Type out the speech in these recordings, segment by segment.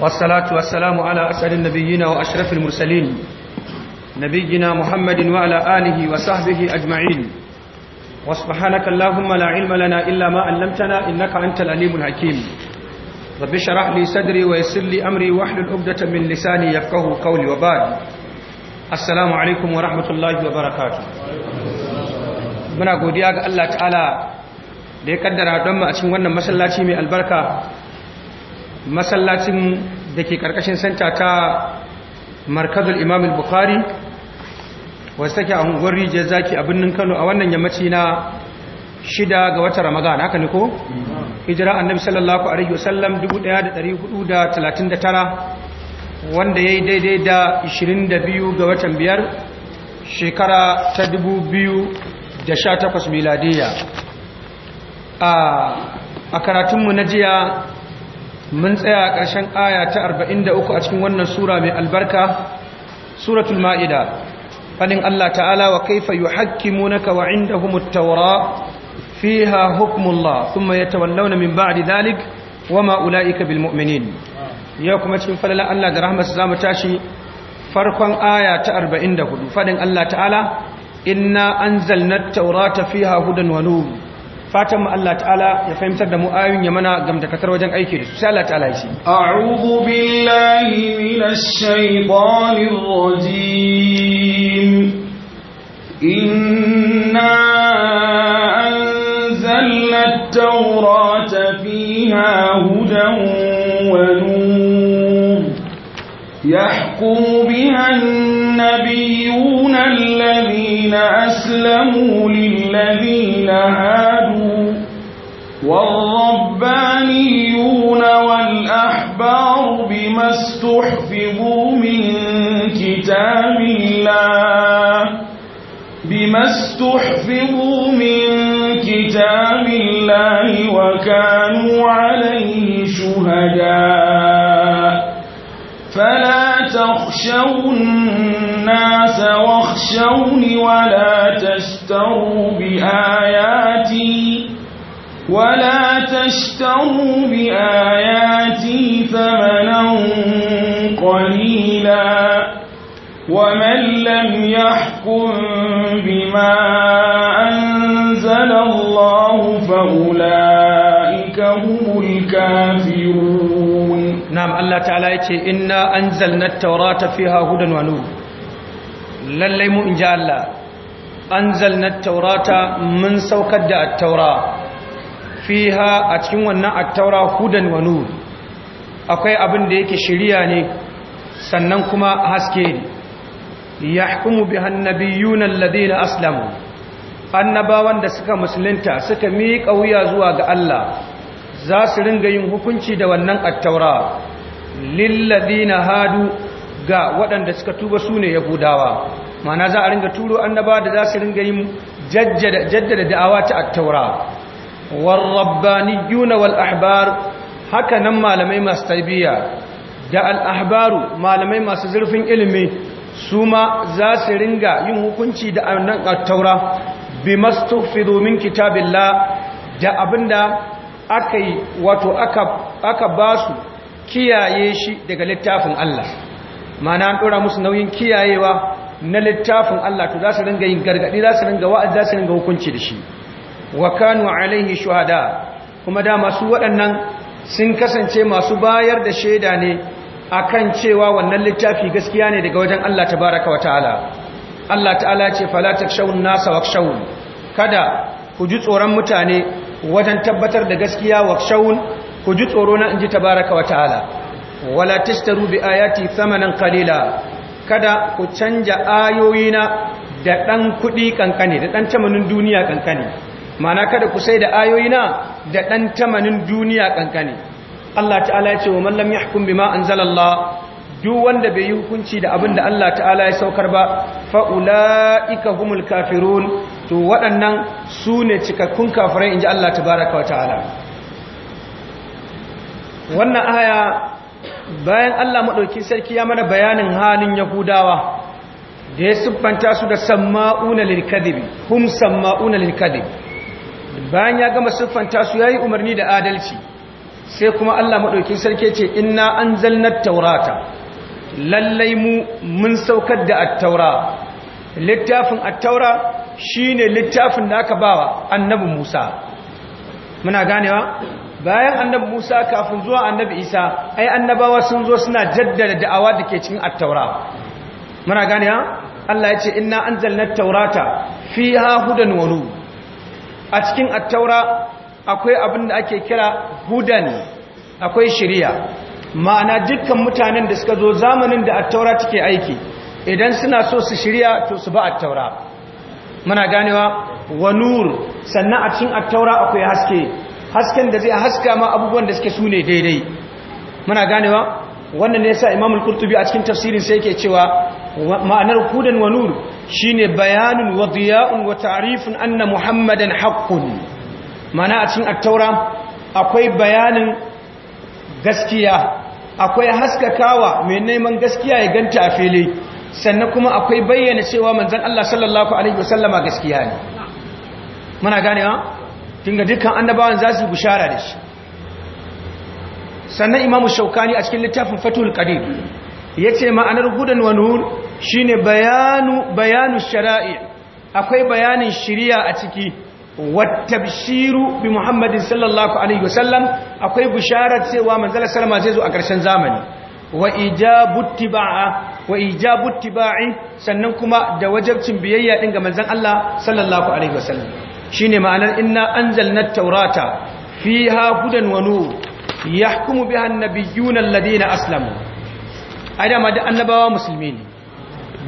والصلاة والسلام على أسعد النبيين وأشرف المرسلين نبينا محمد وعلى آله وصحبه أجمعين وسبحانك اللهم لا علم لنا إلا ما علمتنا إنك أنت العليم الحكيم رب اشرح لي صدري ويسر لي أمري واحلل عقدة من لساني يفقه قولي وبعد السلام عليكم ورحمة الله وبركاته muna godiya ga Allah ta'ala da ya kaddara don mu a cikin wannan masallaci mai albarka masallacin da ke karkashin santa ta markazul imam al-bukhari wasu take a unguwar rijiyar zaki a birnin kano a wannan yammaci na shida ga watan ramadan haka ne ko hijira annabi sallallahu alaihi wasallam 1439 wanda yayi daidai da 22 ga watan biyar shekara ta 2018 miladiya a karatunmu na jiya mun tsaya a aya ta 43 a cikin wannan sura mai albarka suratul ma'ida Faɗin Allah ta'ala wa kaifa yuhakkimunaka wa indahumut tawra fiha hukmullah thumma yatawallawna min ba'di dhalik wama ulaika bil mu'minin ya kuma cikin falalan Allah da rahmatsa zamu tashi farkon aya ta 44 fadin Allah ta'ala inna anzalnat at-taurata fiha hudan wa fatan mu Allah ta'ala ya fahimtar da mu ayoyin ya mana gamtakatar wajen aiki da su sai Allah ta'ala ya ce a'udhu billahi minash shaitanir rajim inna anzalna at-taurata fiha hudan wa nur yahkumu biha an-nabiyuna alladhina aslamu lil ladina والربانيون والأحبار بما استحفظوا من كتاب الله بما استحفظوا من كتاب الله وكانوا عليه شهداء فلا تخشوا الناس واخشوني ولا تشتروا بآياتي ولا تشتروا بآياتي ثمنا قليلا ومن لم يحكم بما أنزل الله فأولئك هم الكافرون نعم الله تعالى يتي إنا أنزلنا التوراة فيها هدى ونور للي مؤنجا الله أنزلنا التوراة من سوكد التوراة fiha a cikin wannan attaura hudan wa nur akwai abin da yake shiriya ne sannan kuma haske ne yahkumu bihan nabiyuna alladhina aslamu annabawan da suka musulunta suka miƙa wuya zuwa ga Allah za su ringa yin hukunci da wannan attaura lilladhina hadu ga waɗanda suka tuba su ne yahudawa mana za a ringa turo annaba da za su ringa yin jaddada da'awa ta attaura warrabbaniyuna wal ahbar haka nan malamai masu tarbiyya da al'ahbaru malamai masu zurfin ilimi su ma za su ringa yin hukunci da annan at-taura bimastughfidu min kitabillah da abinda aka yi wato aka ba basu kiyaye shi daga littafin Allah mana an dora musu nauyin kiyayewa na littafin Allah to za su ringa yin gargadi za su ringa wa'azi za su ringa hukunci da shi wa kanu alaihi shuhada kuma da masu waɗannan sun kasance masu bayar da shaida ne akan cewa wannan littafi gaskiya ne daga wajen Allah tabaaraka wa Allah ta'ala ce fala takshawun nasa wakshawun kada ku ji tsoron mutane wajen tabbatar da gaskiya wakshawun ku ji tsoro na inji tabaaraka wa ta'ala wala tashtaru bi ayati thamanan qalila kada ku canja ayoyina da ɗan kuɗi kankane da ɗan tamanin duniya kankane mana kada ku sai da ayoyina da ɗan tamanin duniya ƙanƙani Allah ta'ala ya ce wa mallam yahkum bima anzalallah duk wanda bai yi hukunci da abin da Allah ta'ala ya saukar ba fa'ula'ika humul kafirun to waɗannan su ne cikakkun kafirai in ji Allah tabaraka wa ta'ala wannan aya bayan Allah maɗauki sarki ya mana bayanin halin yahudawa da ya siffanta su da samma'una lilkadibi hum samma'una lilkadibi bayan ya gama siffanta su yi umarni da adalci sai kuma Allah madaukin sarki ce inna anzalna taurata lallai mu mun saukar da at-taura littafin at-taura shine littafin da aka bawa annabi Musa muna ganewa bayan annabi Musa kafin zuwa annabi Isa ai annabawa sun zo suna jaddada da'awa da ke cikin at-taura muna ganewa Allah ya ce inna anzalna at-taurata fiha hudan wa a cikin attaura akwai abin da ake kira hudan akwai shirya ma'ana dukkan mutanen da suka zo zamanin da attaura take aiki idan suna so su shirya to su ba attaura muna ganewa wa nur sannan a cikin attaura akwai haske hasken da zai haska ma abubuwan da suke sune daidai muna ganewa wannan ne ya sa imamul qurtubi a cikin tafsirin sai yake cewa ma'anar kudan wa nur shine bayanin wa diya'un wa ta'rifun anna muhammadan haƙƙun. mana a cikin aktaura akwai bayanin gaskiya akwai haskakawa mai neman gaskiya ya ganta a fili sannan kuma akwai bayyana cewa manzon Allah sallallahu alaihi wasallama gaskiya ne muna ganewa kinga dukkan annabawan za su bushara da shi sannan imamu shaukani a cikin littafin fatul qadir yace ma'anar hudan wa nur shine bayanu bayanu shara'i akwai bayanin shirya a ciki wattabshiru bi muhammadin sallallahu alaihi wasallam akwai bisharar cewa manzala salama zai zo a ƙarshen zamani wa ijabu tibai sannan kuma da wajabcin biyayya din ga Allah sallallahu alaihi wasallam shine ma'anar inna anzalna at-taurata fiha hudan wa nur yahkumu biha an-nabiyyuna alladhina aslamu ai dama da annabawa musulmi ne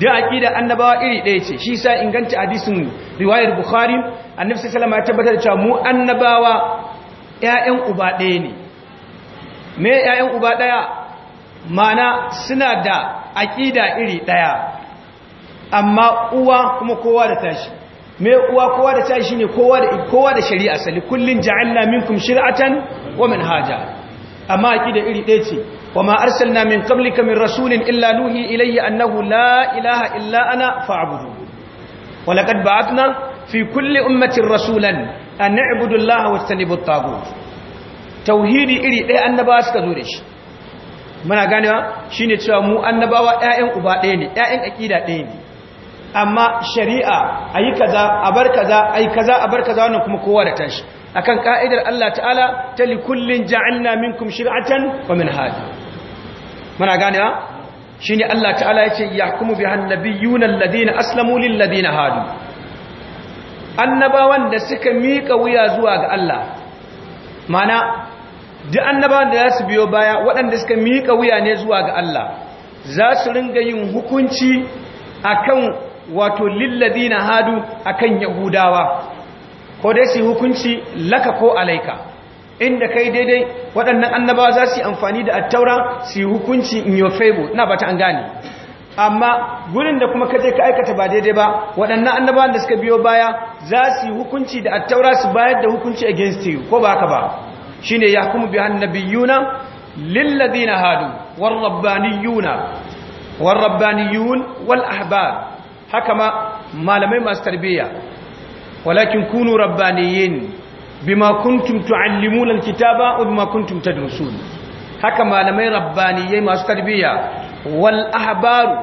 da aqida annabawa iri ɗaya ce shi sa inganta hadisin riwayar bukhari annabi sallallahu ya tabbatar cewa mu annabawa ƴaƴan uba ɗaya ne me ƴaƴan uba ɗaya mana suna da aqida iri ɗaya amma uwa kuma kowa da tashi me uwa kowa da tashi ne kowa da kowa da shari'a sali kullun ja'alna minkum shir'atan wa manhaja amma akida iri ɗaya ce wa ma arsalna min qablika min rasulin illa nuhi ilayhi annahu la ilaha illa ana fa'budu wa laqad ba'athna fi kulli ummatin rasulan an na'budu allaha wastanibu at-taghut tauhidi iri ɗaya annabawa suka zo da shi muna ganewa shine cewa mu annabawa ƴaƴan uba ɗaya ne ƴaƴan aqida ɗaya ne amma shari'a ayi kaza a bar kaza ayi kaza a bar kaza wannan kuma kowa da tashi akan ka'idar Allah ta'ala ta likullin ja'alna minkum shir'atan wa minhaja muna ganewa shine Allah ta'ala yace yahkumu bi annabiyuna alladhina aslamu lil ladina hadu annabawan da suka mika wuya zuwa ga Allah mana duk annabawan da zasu biyo baya waɗanda suka mika wuya ne zuwa ga Allah za su ringa yin hukunci akan wato lil ladina hadu akan yahudawa ko dai su hukunci laka ko alaika inda kai daidai waɗannan annabawa za su yi amfani da attaura su yi hukunci in yi favor na bata ta an gane amma gurin da kuma kaje ka aikata ba daidai ba waɗannan annabawa da suka biyo baya za su yi hukunci da attaura su bayar da hukunci against you ko ba haka ba shine yahkumu bi annabiyuna lilladina hadu warabbaniyuna warabbaniyun wal ahbar haka ma malamai masu tarbiyya walakin kunu rabbaniyin bima kuntum tuallimuna alkitaba wa bima kuntum tadrusun haka malamai rabbaniyai masu tarbiyya wal ahbaru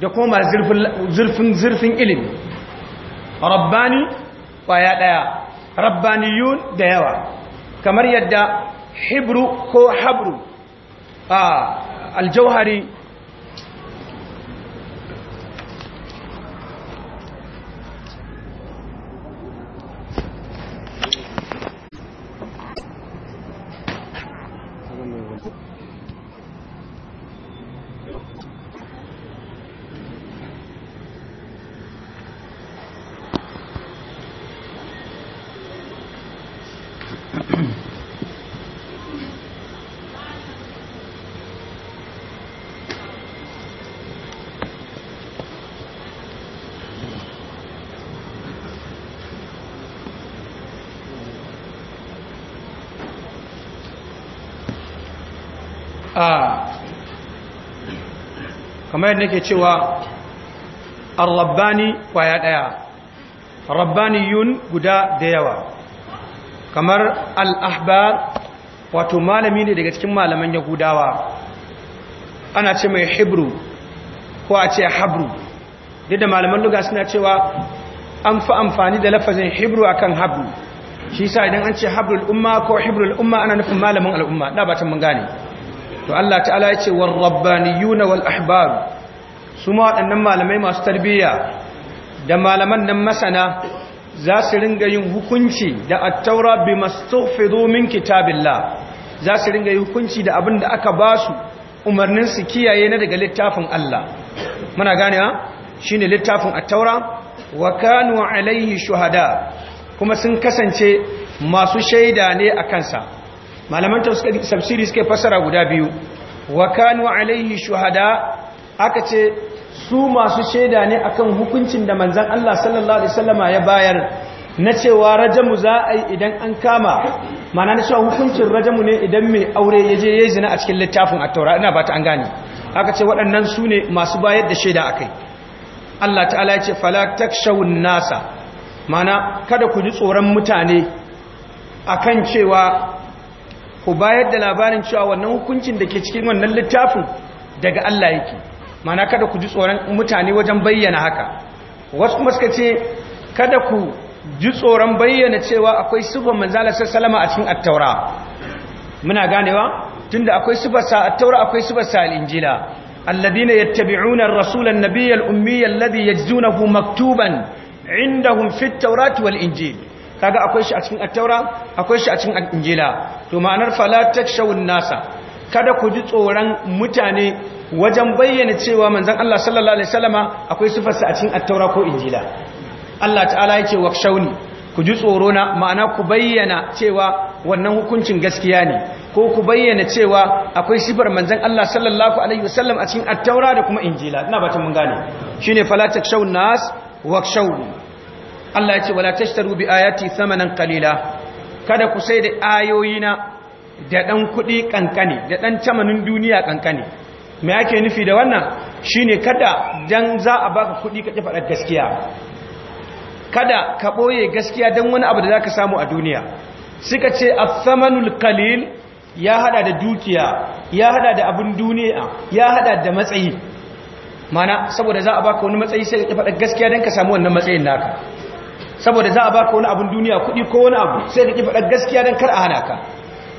da kuma zurfin zurfin ilimi rabbani kwaya daya rabbaniyun da yawa kamar yadda hibru ko habru a aljauhari a kamar yadda nake cewa ar-rabbani kwaya daya yun guda da yawa kamar al-ahbar wato malami ne daga cikin malaman yahudawa ana ce mai hebrew ko a ce habru duk da malaman luga suna cewa an fi amfani da lafazin hebrew akan habru shi sa idan an ce habru umma ko hebrew umma ana nufin malamin al'umma na batan mun gane to Allah ta'ala ya ce war rabbaniyuna wal ahbab su ma waɗannan malamai masu tarbiyya da malaman nan masana za su ringa yin hukunci da at-taura bi min kitabillah za su ringa yin hukunci da abin da aka ba su umarnin su kiyaye na daga littafin Allah muna ganewa shine littafin at-taura wa kanu alaihi shuhada kuma sun kasance masu shaida ne a kansa malaman tafsiri suke fassara guda biyu wa kanu alaihi shuhada aka ce su masu shaida ne akan hukuncin da manzon Allah sallallahu alaihi wasallama ya bayar na cewa rajamu za a yi idan an kama mana na cewa hukuncin rajamu ne idan mai aure ya je ya zina a cikin littafin a taura ina ba ta an gane aka ce waɗannan su ne masu bayar da shaida akai. Allah ta'ala ya ce falatak shawun nasa mana kada ku ji tsoron mutane akan cewa ku bayar da labarin cewa wannan hukuncin da ke cikin wannan littafin daga Allah yake mana kada ku ji tsoron mutane wajen bayyana haka wasu kuma suka ce kada ku ji tsoron bayyana cewa akwai sifar manzala sallama a cikin attaura muna ganewa tunda akwai sifar sa attaura akwai sifar sa al-injila alladhina yattabi'una ar rasulan nabiyyal ummiyyal ladhi yajzunahu maktuban indahum fit taurati wal-injil kaga akwai shi a cikin attaura akwai shi a cikin injila to ma'anar fala takshawun nasa kada ku ji tsoran mutane wajen bayyana cewa manzon Allah sallallahu alaihi wasallama akwai sa a cikin attaura ko injila Allah ta'ala yake wakshawni ku ji tsoro na ma'ana ku bayyana cewa wannan hukuncin gaskiya ne ko ku bayyana cewa akwai sifar manzon Allah sallallahu alaihi wasallam a cikin attaura da kuma injila ina batun mun gane shine fala takshawun nas wakshawni Allah ya ce wala tashtaru bi ayati thamanan qalila kada ku sai da ayoyina da dan kudi kankane da dan tamanin duniya kankane me ake nufi da wannan shine kada dan za a baka kudi ka kafa gaskiya kada ka boye gaskiya don wani abu da za ka samu a duniya suka ce athamanul kalil ya hada da dukiya ya hada da abun duniya ya hada da matsayi mana saboda za a baka wani matsayi sai ka faɗa gaskiya don ka samu wannan matsayin naka saboda za a ba ka wani abun duniya kuɗi ko wani abu sai ka ki faɗa gaskiya don kar a hana ka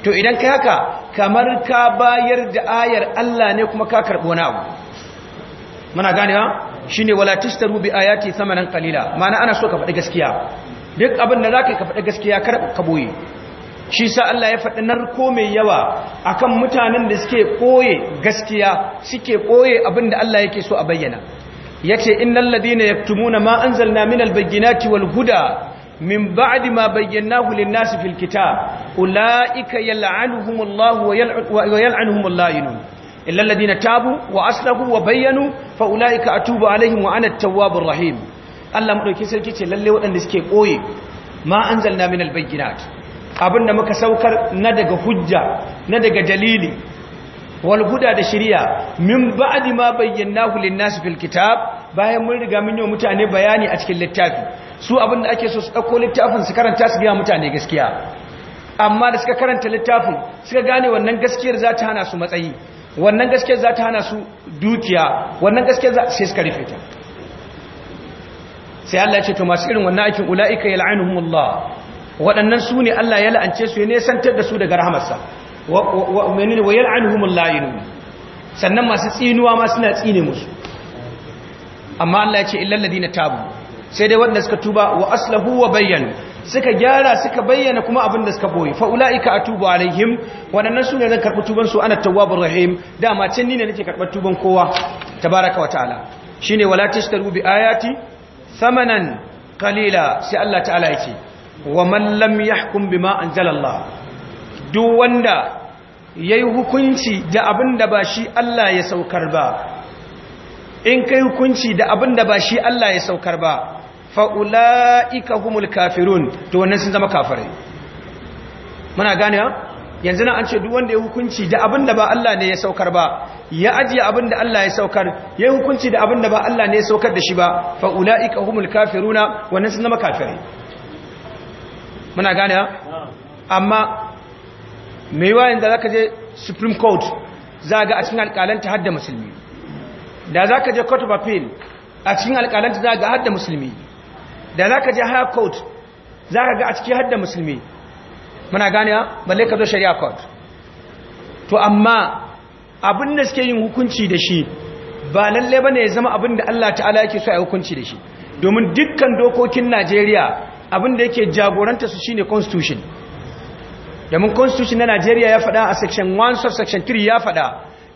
to idan kai haka kamar ka bayar da ayar Allah ne kuma ka karɓi wani abu muna ganewa shine wala Aya ce sama nan kalila mana ana so ka faɗi gaskiya duk abin da zaka ka faɗi gaskiya kar ka boye shi sa Allah ya faɗi narko mai yawa akan mutanen da suke koye gaskiya suke koye abin da Allah yake so a bayyana yace innal ladina yaktumuna ma anzalna min bayyinati wal huda min ba'di ma bayyanahu lin-nasi fil kitab ulaika yal'anuhumullahu wa yal'anuhumul la'inun illal tabu wa aslahu wa bayyanu fa ulaika atubu alaihim wa ana at-tawwabur rahim Allah madauki sarki ce lalle waɗanda suke koye ma anzalna min bayyinat abinda muka saukar na daga hujja na daga dalili wal huda da shari'a min ba'di ma bayyanahu lin-nasi fil kitab bayan mun riga mun yi mutane bayani a cikin littafi su abin da ake so su ɗauko littafin su karanta su gaya mutane gaskiya amma da suka karanta littafin suka gane wannan gaskiyar za ta hana su matsayi wannan gaskiyar za ta hana su dukiya wannan gaskiyar sai suka rufe ta sai Allah ya ce to masu irin wannan aikin ula'ika yal'anuhumullah waɗannan su ne Allah ya la'ance su ya nesantar da su daga rahamarsa wa yal'anuhumullah sannan masu tsinuwa ma suna tsine musu amma Allah ya ce illal tabu sai dai wanda suka tuba wa aslahu wa bayyana suka gyara suka bayyana kuma abin da suka boye fa ulaika atubu alaihim wadannan sune zan karbi tuban su ana tawwabur rahim dama can ni ne nake karbar tuban kowa tabaraka wa ta'ala shine wala tashtaru bi ayati thamanan qalila sai Allah ta'ala yake wa man lam yahkum bima anzalallah duk wanda yayi hukunci da abin da ba shi Allah ya saukar ba in kai hukunci da abin da ba shi Allah ya saukar ba fa'ula'ika humul kafirun to wannan sun zama kafirai muna gane ha yanzu na an ce duk wanda ya hukunci da abin da ba Allah ne ya saukar ba ya ajiye abin da Allah ya saukar ya hukunci da abin da ba Allah ne ya saukar da shi ba fa'ula'ika humul kafiruna wannan sun zama kafirai muna gane ha amma mai wayan da za ka je supreme court za ga a cikin alƙalanta har musulmi da za ka je court of appeal a cikin alƙalanta za ga hadda musulmi da za ka je higher court za ka ga a cikin hadda musulmi muna gane balle ka zo shari'a court to amma abin da suke yin hukunci da shi ba lalle ba ne ya zama abin da Allah ta'ala yake so a hukunci da shi domin dukkan dokokin Najeriya abin da yake jagoranta su shine constitution domin constitution na Najeriya ya faɗa a section 1 sub section 3 ya faɗa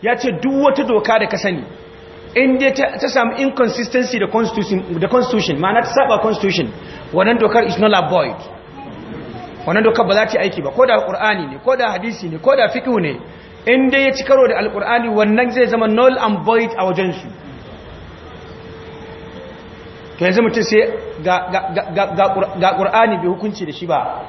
ya ce duk wata doka da ka sani in dai ta samu inconsistency da constitution da constitution ma'ana ta saba constitution wannan dokar is not a void wannan dokar ba za ta aiki ba ko da alqur'ani ne ko da hadisi ne ko da fiqh ne in dai ya ci karo da alqur'ani wannan zai zama null and void a wajen su kai zama mutum sai ga ga qur'ani bai hukunci da shi ba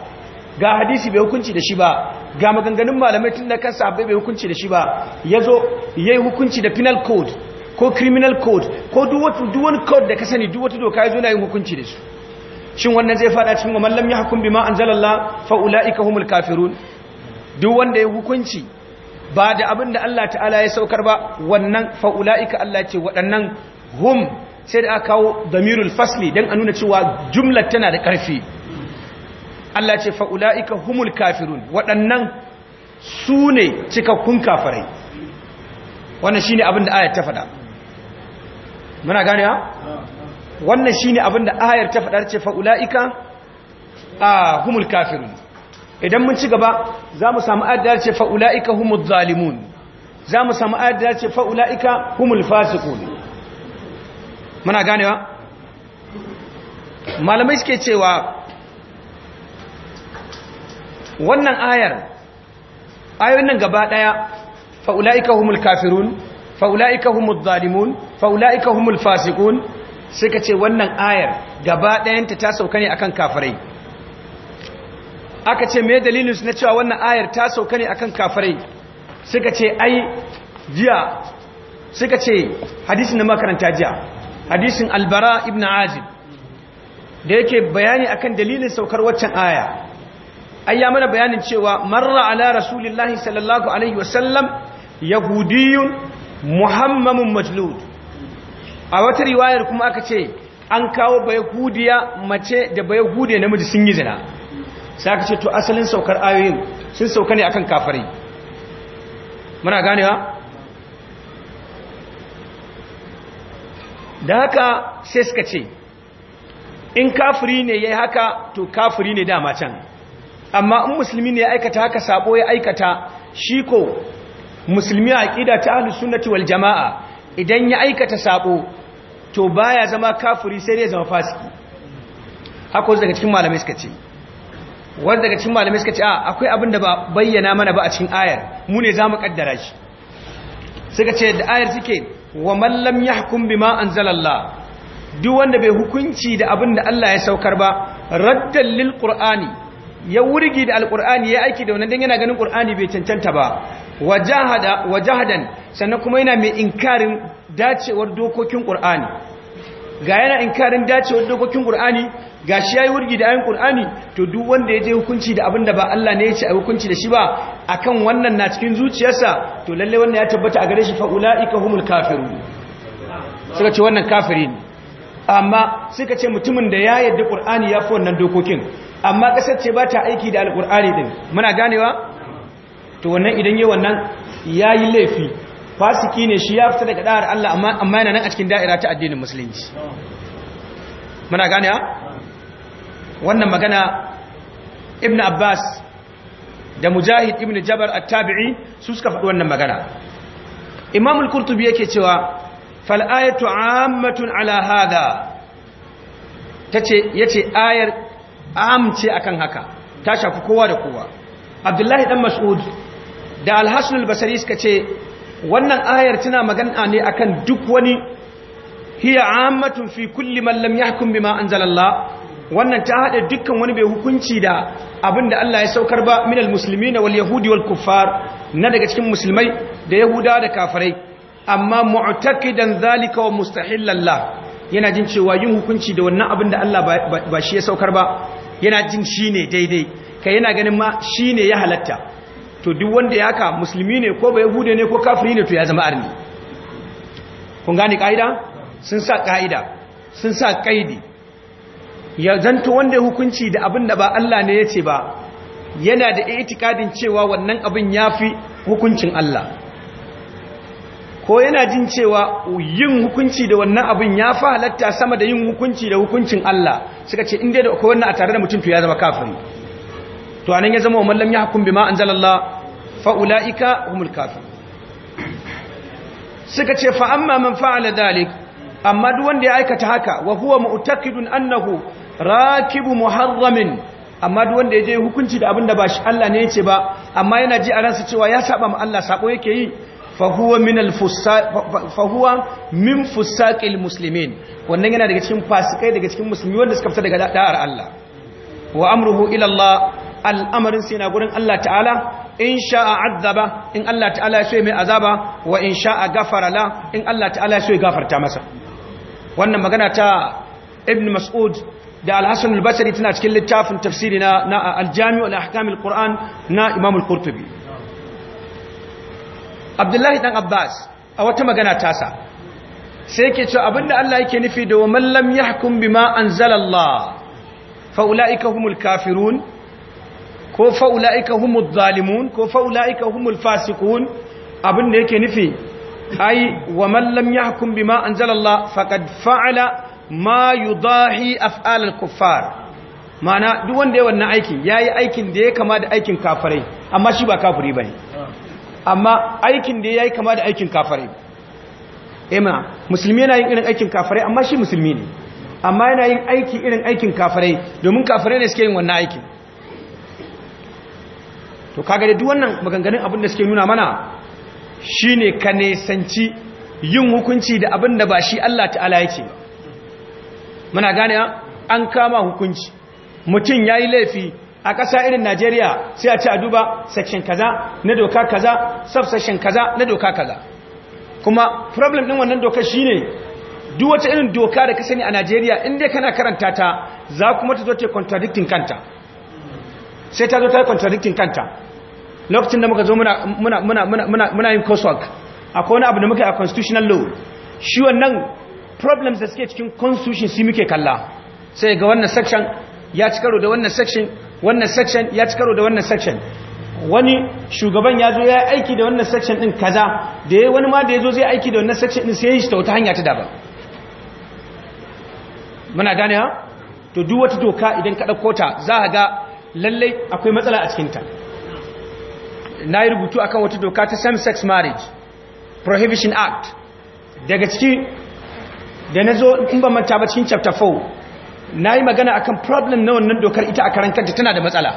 ga hadisi bai hukunci da shi ba ga maganganun malamai tun da kansa bai hukunci da shi ba yazo yayi hukunci da penal code ko criminal code ko duk wani code da ka sani duk wata doka ya zo na yin hukunci da su shin wannan zai fada cikin wa mallam ya hukum bima anzalallah fa ulaika humul kafirun duk wanda ya hukunci ba da abin da Allah ta'ala ya saukar ba wannan fa ulaika Allah ce waɗannan hum sai da aka kawo damirul fasli dan a nuna cewa jumlar tana da ƙarfi Allah ce fa ulaika humul kafirun waɗannan su ne cikakkun kafirai wannan shine abin da ayat ta faɗa muna gane ya wannan shi abin da ayar ta fadar ce fa’ula’ika a humul kafirun idan mun ci gaba za mu samu adar ce fa’ula’ika humul zalimun za mu samu adar ce fa’ula’ika humul fasikun. muna gane ya malamai suke cewa wannan ayar ayar nan gaba daya fa’ula’ika humul kafirun faula'ika humul zalimun faula'ika humul fasikun suka ce wannan ayar gaba ɗayanta ta sauka ne akan kafirai aka ce me dalilin su na cewa wannan ayar ta sauka ne akan kafirai suka ce ai jiya suka ce hadisin na makaranta jiya hadisin albara ibn azib da yake bayani akan dalilin saukar waccan aya ai mana bayanin cewa marra ala rasulillahi sallallahu alaihi wasallam yahudiyun muhammamun majlud a wata riwayar kuma aka ce an kawo bayahudiya mace da bayahudiya namiji sun yi zina sai aka ce to asalin saukar ayoyin sun sauka ne akan kafari muna ganewa da haka sai suka ce in kafiri ne ya haka to kafiri ne dama can amma in musulmi ne ya aikata haka sabo ya aikata shi ko musulmi a ƙida ta ahlus sunnati wal jamaa idan ya aikata saɓo to baya zama kafuri sai dai zama fasiki haka wanda daga cikin malamai suka ce wanda daga cikin malamai suka ce a akwai abin da ba bayyana mana ba a cikin ayar mu ne za mu kaddara shi suka ce da ayar suke wa mallam ya hukum bi anzalallah duk wanda bai hukunci da abin da Allah ya saukar ba raddan lil qur'ani ya wurgi da alkur'ani ya aiki da wannan dan yana ganin qur'ani bai cancanta ba wajahada wajahadan sannan kuma yana mai inkarin dacewar dokokin qur'ani ga yana inkarin dacewar dokokin qur'ani gashi yayi wurgi da ayin Kur'ani, to duk wanda ya je hukunci da abinda ba Allah ne ya ce a hukunci da shi ba akan wannan na cikin zuciyarsa to lalle wannan ya tabbata a gare shi fa ulaika humul suka ce wannan kafiri ne amma suka ce mutumin da ya yadda ƙur'ani ya fi wannan dokokin amma ƙasar ce ba ta aiki da alƙur'ani ɗin muna ganewa to wannan idan yi wannan ya yi laifi fasiki ne shi ya fita daga ɗa'ar Allah amma yana nan a cikin da'ira ta addinin musulunci muna ganewa wannan magana ibn abbas da mujahid ibn jabar at-tabi'i su suka faɗi wannan magana imamul kurtubi yake cewa fal ayatu ammatun ala hadha tace yace ayar amce akan haka ta shafi kowa da kowa abdullahi dan mas'ud da al-hasan ce wannan ayar tana magana ne akan duk wani hiya ammatun fi kulli man lam yahkum bima anzalallah wannan ta hada dukkan wani bai hukunci da abinda Allah ya saukar ba minal muslimina wal yahudi wal kuffar na daga cikin musulmai da yahuda da kafirai amma mu'takidan zalika wa mustahillan la yana jin cewa yin hukunci da wannan abin da Allah ba shi ya saukar ba yana jin shine daidai kai yana ganin ma shine ya halatta to duk wanda ya ka musulmi ne ko ba yahudi ne ko kafiri ne to ya zama arni kun gane ka'ida sun sa ka'ida sun sa kaidi ya zanto wanda ya hukunci da abin da ba Allah ne ya ce ba yana da itikadin cewa wannan abin ya fi hukuncin Allah ko yana jin cewa yin hukunci da wannan abin ya fi halatta sama da yin hukunci da hukuncin Allah suka ce inda da akwai wannan a tare da mutum to ya zama kafiri to anan ya zama wa mallam ya hukum bima anzalallah fa ulaika humul kafir suka ce fa amma man fa'ala dalik amma duk wanda ya aikata haka wa huwa mu'taqidun annahu rakibu muharramin amma duk wanda ya je hukunci da abin da ba shi Allah ne ya ce ba amma yana ji a ransa cewa ya saba ma Allah sako yake yi fahuwa min fusaƙil musulmin wannan yana daga cikin fasikai daga cikin musulmi wanda suka fita daga da'ar Allah wa amruhu ilallah al'amarin sai na gurin Allah ta'ala in sha'a azaba in Allah ta'ala ya so mai azaba wa in sha'a gafara la in Allah ta'ala ya so ya gafarta masa wannan magana ta ibn mas'ud da al-hasan al-basri tana cikin littafin tafsiri na al-jami' al-ahkam al-qur'an na imam al-qurtubi abdullahi ɗan abbas a wata magana tasa sai ke cewa abinda Allah yake nufi da man lam bi ma anzalallah fa ulaika humul kafirun ko fa ulaika zalimun ko fa humul fasikun abinda yake nufi ai man lam ma bima anzalallah faqad fa'ala ma yi af'al al-kuffar mana duk wanda ya wannan aiki yayi aikin da ya kama da aikin kafirai amma shi ba kafiri ne. amma aikin da ya yi kama da aikin kafare ema eh musulmi yana yin irin aikin kafare amma shi musulmi ne amma yana yin aiki irin aikin kafare domin kafare ne suke yin wannan aikin to kaga da duk wannan maganganun abin da suke nuna mana shine ka nesanci yin hukunci da abin da ba shi Allah ta'ala ya ce muna gane an kama hukunci mutum ya yi laifi a ƙasa irin najeriya sai a ci a duba section kaza na doka kaza subsection kaza na doka kaza kuma problem ɗin wannan doka ne duk wata irin doka da kasani a najeriya inda kana karanta ta za kuma ta zo ta contradicting kanta sai ta zo ta contradicting kanta lokacin da muka zo muna yin coursework akwai wani abu da muka yi a constitutional law shi wannan problems da suke cikin constitution si muke kalla sai ga wannan section ya ci karo da wannan section wannan section ya ci karo da wannan section wani shugaban ya zo ya aiki da wannan section din kaza da ya wani ma da ya zo zai aiki da wannan section din sai ya shi ta wata hanya ta daba muna gane ha to duk wata doka idan ka ɗauko ta za a ga lallai akwai matsala a cikinta na yi rubutu akan wata doka ta same-sex marriage prohibition act daga ciki da na zo in ban manta ba cikin chapter 4 na yi magana akan problem na wannan dokar ita a karan kanta tana da matsala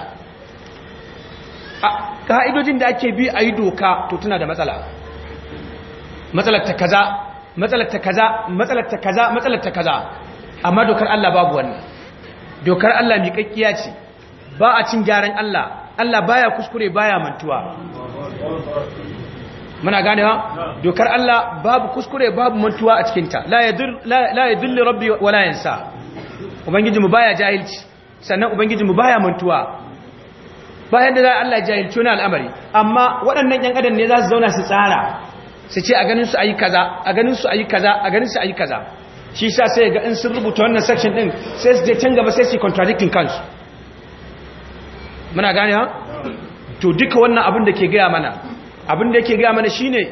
ka'idojin da ake bi a yi doka to tana da matsala matsalar ta kaza matsalar ta kaza matsalar ta kaza matsalar ta kaza amma dokar Allah babu wannan dokar Allah miƙaƙƙiya ce ba a cin gyaran Allah Allah baya kuskure baya mantuwa muna ganewa dokar Allah babu kuskure babu mantuwa a cikinta la yadulli rabbi wala yansa ubangijinmu baya jahilci sannan ubangijinmu baya mantuwa bayan da za Allah jahilci wani al'amari amma waɗannan ‘yan adam ne za su zauna su tsara su ce a ganin su a yi kaza a ganin su a yi kaza a ganin su a yi kaza shi sa sai ga in sun rubuta wannan section ɗin sai su je can gaba sai su contradicting kansu muna gane ha to duka wannan abin da ke gaya mana abin da ke gaya mana shine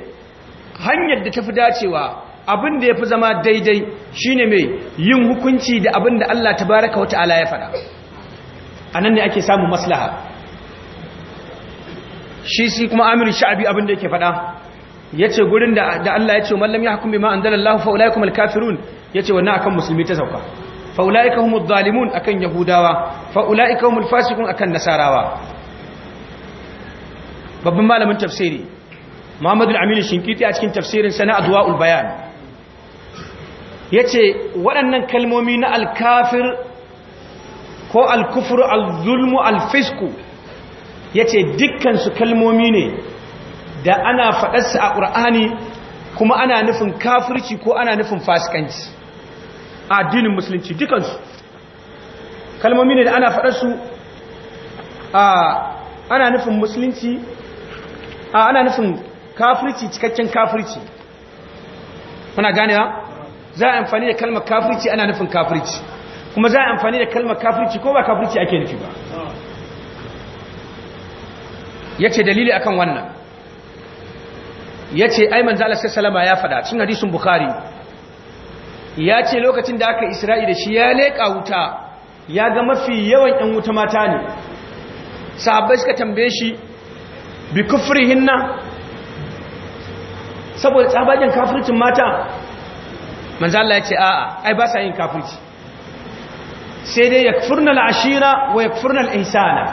hanyar da tafi dacewa abin da ya fi zama daidai shine mai yin hukunci da abin da Allah baraka wata ala ya faɗa a nan ne ake samun maslaha shi si kuma amiru sha'abi abin da yake faɗa ya ce gurin da Allah ya ce mallam ya hukumi ma dalar lahu fa'ulai kuma alkafirun ya ce wannan akan musulmi ta sauka fa'ulai ka zalimun akan yahudawa fa'ulai ka fasikun akan nasarawa babban malamin tafsiri muhammadu aminu shinkiti a cikin tafsirin sana adwa'ul bayan ya ce waɗannan kalmomi na alkafir ko alkufur alzulmu alfisku ya ce dukkansu kalmomi ne da ana faɗarsa a ƙur'ani kuma ana nufin kafirci ko ana nufin fasikanci a addinin musulunci dukansu kalmomi ne da ana faɗarsu a ana nufin musulunci a ana nufin kafirci cikakken kafirci muna ganewa za a amfani da kalmar kafirci ana nufin kafirci kuma za a amfani da kalmar kafirci ko ba kafirci ake nufi ba ya ce dalili akan wannan ya ce ai zala sai salama ya fada cin hadisun bukhari ya ce lokacin da aka isra'i da shi ya leƙa wuta ya ga mafi yawan 'yan wuta mata ne sahabbai suka tambaye shi bi hinna saboda tsabagen kafircin mata manzala Allah ya ce a'a ai ba sa yin kafirci sai dai yakfurnal ashira wa kafirna ihsana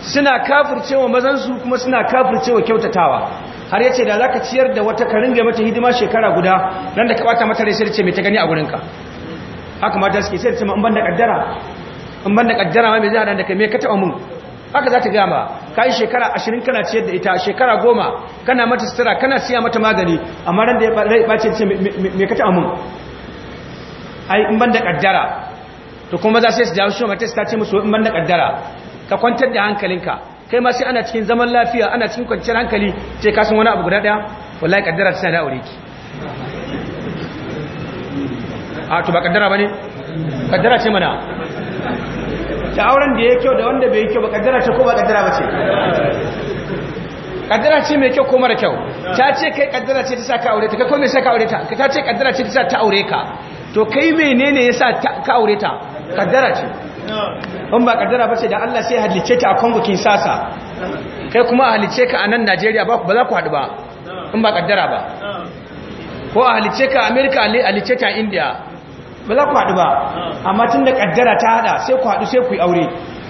suna kafircewa mazan su kuma suna wa kyautatawa har yace da zaka ciyar da wata karin ga mata hidima shekara guda nan da ka bata mata rai sai ce ta gani a gurinka haka mata suke sai ce in ban da kaddara in ban da kaddara ma mai zai hada da kai mai ka taba mun haka za ta gama ka yi shekara ashirin kana ciyar da ita shekara goma kana mata sutura kana siya mata magani amma ran da ya ɓace ce mai kata amin ai in ban da ƙaddara to kuma za sai su jawo shi mata su ta ce musu in ban da ƙaddara ka kwantar da hankalinka kai ma sai ana cikin zaman lafiya ana cikin kwanciyar hankali ce ka san wani abu guda ɗaya wallahi ƙaddara tana da aure ki a to ba ƙaddara ba ne ƙaddara ce mana da auren da ya kyau da wanda bai kyau ba kaddara ce ko ba kaddara ba ce kaddara ce mai kyau ko mara kyau ta ce kai kaddara ce ta sa ka aure ta kai ko me sa ka aure ta ta ce kaddara ce ta sa ta aure ka to kai menene yasa ka aure ta kaddara ce in ba kaddara ba ce da Allah sai halice ta a kin sasa kai kuma a halice ka a nan Najeriya ba ba za ku haɗu ba in ba kaddara ba ko a halice ka Amerika a halice ta India ba za ku haɗu ba amma tun da ƙaddara ta haɗa sai ku haɗu sai ku yi aure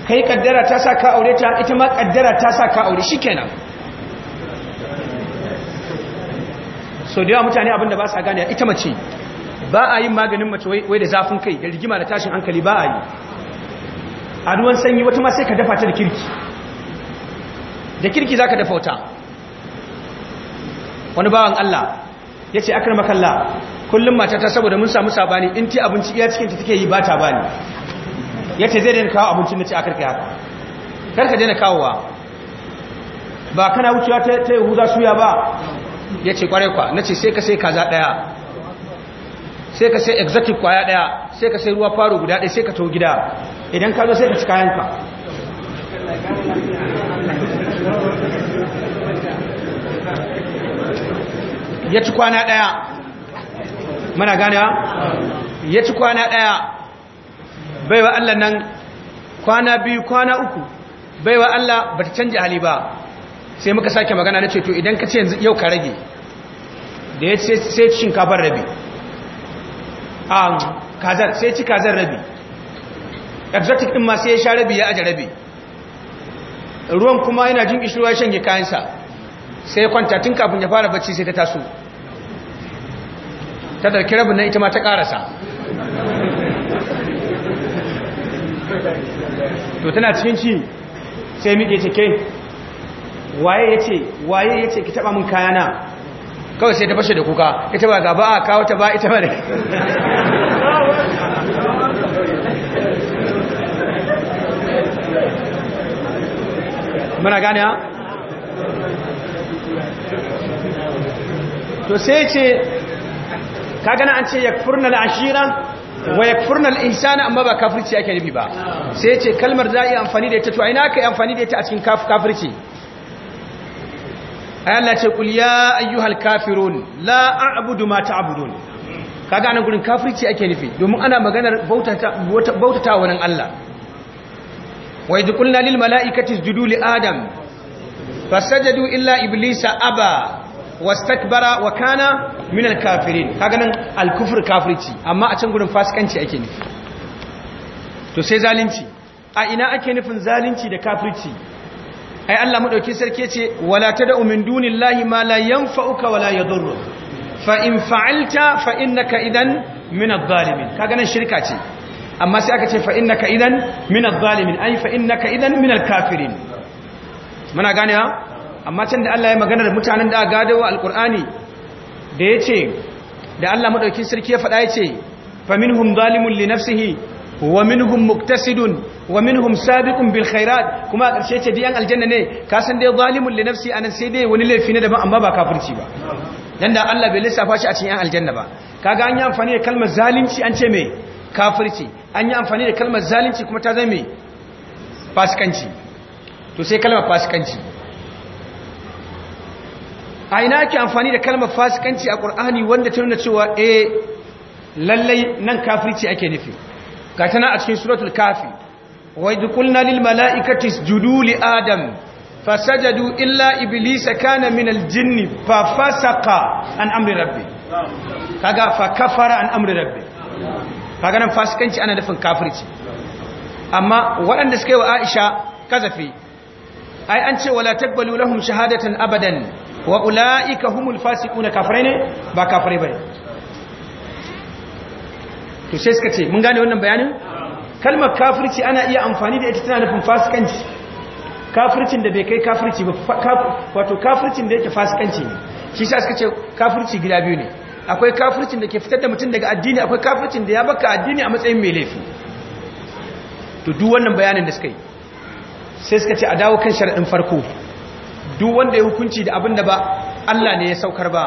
kai ƙaddara ta sa ka aure ta ita ma ƙaddara ta sa ka aure shi kenan so da yawa mutane abinda ba sa gane ita mace ba a yin maganin mace wai da zafin kai da rigima da tashin hankali ba a yi a ruwan sanyi wata ma sai ka dafa ta da kirki da kirki za ka dafa wata wani bawan Allah ya ce akar makalla kullum matata saboda mun samu sabani in ci abinci iya cikin ta take yi ba ta bani yace zai daina kawo abincin ci a karkai haka karka daina kawowa ba kana wucewa ta ta huza suya ba yace kware kwa nace sai ka sai kaza daya sai ka sai exotic kwaya daya sai ka sai ruwa faro guda daya sai ka to gida idan ka zo sai ka ci kayan ka. ya ci kwana daya muna gane. ya ci kwana ɗaya baiwa Allah nan kwana biyu kwana uku baiwa Allah ba ta canji hali ba sai muka sake magana na ceto idan ka ce yau ka rage da ya ce sai shinkafar rabi kazar sai ci kazar rabi exotic din ma sai ya sha rabi ya aje rabi ruwan kuma yana jin kishirwa shanye kayansa sai kwanta tun kafin ya fara bacci sai ta taso ta ɗauki rabin nan ita ma ta ƙarasa to tana cikin ci sai miƙe ce ke waye ya ce waye ya ce ki taɓa mun kayana kawai sai ta fashe da kuka ita ba gaba a kawo ta ba ita ba da muna gane ha to sai ce ka na an ce yakfurna al-ashira wa yakfurna al-insana amma ba kafirci yake nufi ba sai ce kalmar za yi amfani da ita to ina kai amfani da ita a cikin kafirci ay Allah ce kul ya ayyuhal kafirun la a'budu ma ta'budun kaga anan gurin kafirci ake nufi domin ana maganar bautata bautata wa Allah wa idh qulna lil mala'ikati isjudu li adam fasajadu illa iblisa aba wastakbara wa kana minal kafirin kaga nan alkufur kafirci amma a can gudun fasikanci ake nufi to sai zalunci a ina ake nufin zalunci da kafirci ai Allah madauki sarki ce wala tad'u min dunillahi ma la yanfa'uka wala yadurruk fa in fa'alta fa innaka idan min adh-dhalimin kaga nan shirka ce amma sai aka ce fa innaka idan min adh-dhalimin ai fa innaka idan min al-kafirin muna gane ha amma can da Allah ya magana da mutanen da gadawa alqur'ani da ya ce da Allah maɗauki sarki ya faɗa ya ce faminhum zalimun li nafsihi wa minhum muktasidun wa minhum sabiqun bil khairat kuma a ƙarshe ce diyan aljanna ne ka san dai zalimun li nafsi anan sai dai wani laifi ne daban amma ba kafirci ba dan da Allah bai lissafa shi a cikin aljanna ba kaga an yi amfani da kalmar zalunci an ce me kafirci an yi amfani da kalmar zalunci kuma ta zama me fasikanci to sai kalmar fasikanci a ina ake amfani da kalmar fasikanci a ƙur'ani wanda ta nuna cewa e lallai nan kafirci ake nufi ga tana a cikin suratul kafi wai dukulna lil mala'ikati isjudu li adam fasajadu illa iblisa kana min fa fasaqa an amri rabbi kaga fa kafara an amri rabbi kaga nan fasikanci ana nufin kafirci amma waɗanda suka yi wa Aisha kazafi ai an ce wala taqbalu lahum shahadatan abadan wa ula'ika humul fasiquna kafirai ne ba kafirai bane to sai suka ce mun gane wannan bayanin kalmar kafirci ana iya amfani da ita tana nufin fasikanci kafircin da bai kai kafirci ba wato kafircin da yake fasikanci ne shi sa suka ce kafirci gida biyu ne akwai kafircin da ke fitar da mutum daga addini akwai kafircin da ya baka addini a matsayin mai laifi to duk wannan bayanin da suka yi sai suka ce a dawo kan sharaɗin farko duk wanda ya hukunci da abin da ba Allah ne ya saukar ba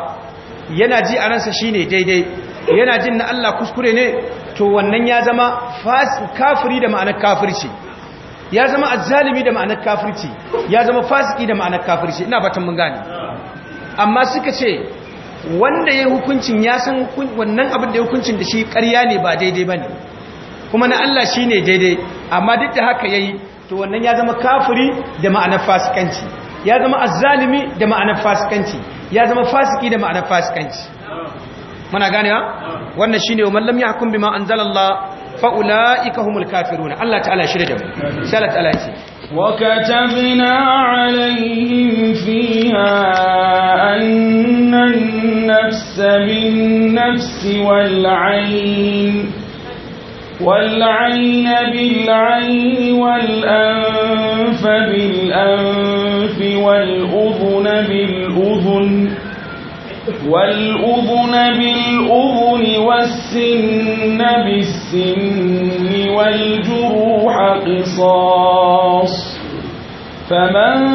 yana ji a ransa shine daidai yana jin na Allah kuskure ne to wannan ya zama kafiri da ma'anar kafirci ya zama azzalimi da ma'anar kafirci ya zama fasiki da ma'anar kafirci ina fatan mun gane amma suka ce wanda ya hukuncin ya san wannan abin da ya hukuncin da shi ƙarya ne ba daidai bane kuma na Allah shine daidai amma duk da haka yayi to wannan ya zama kafiri da ma'anar fasikanci ya zama azzalimi da ma'anar fasikanci ya zama fasiki da ma'anar fasikanci muna ganewa wannan shine man lam yahkum bima anzalallah fa ulaika humul kafiruna Allah ta'ala shirye da mu sai Allah ta'ala ce wa katabna alaihim fiha anna an والعين بالعين والأنف بالأنف والأذن بالأذن والأذن بالأذن والسن بالسن والجروح قصاص فمن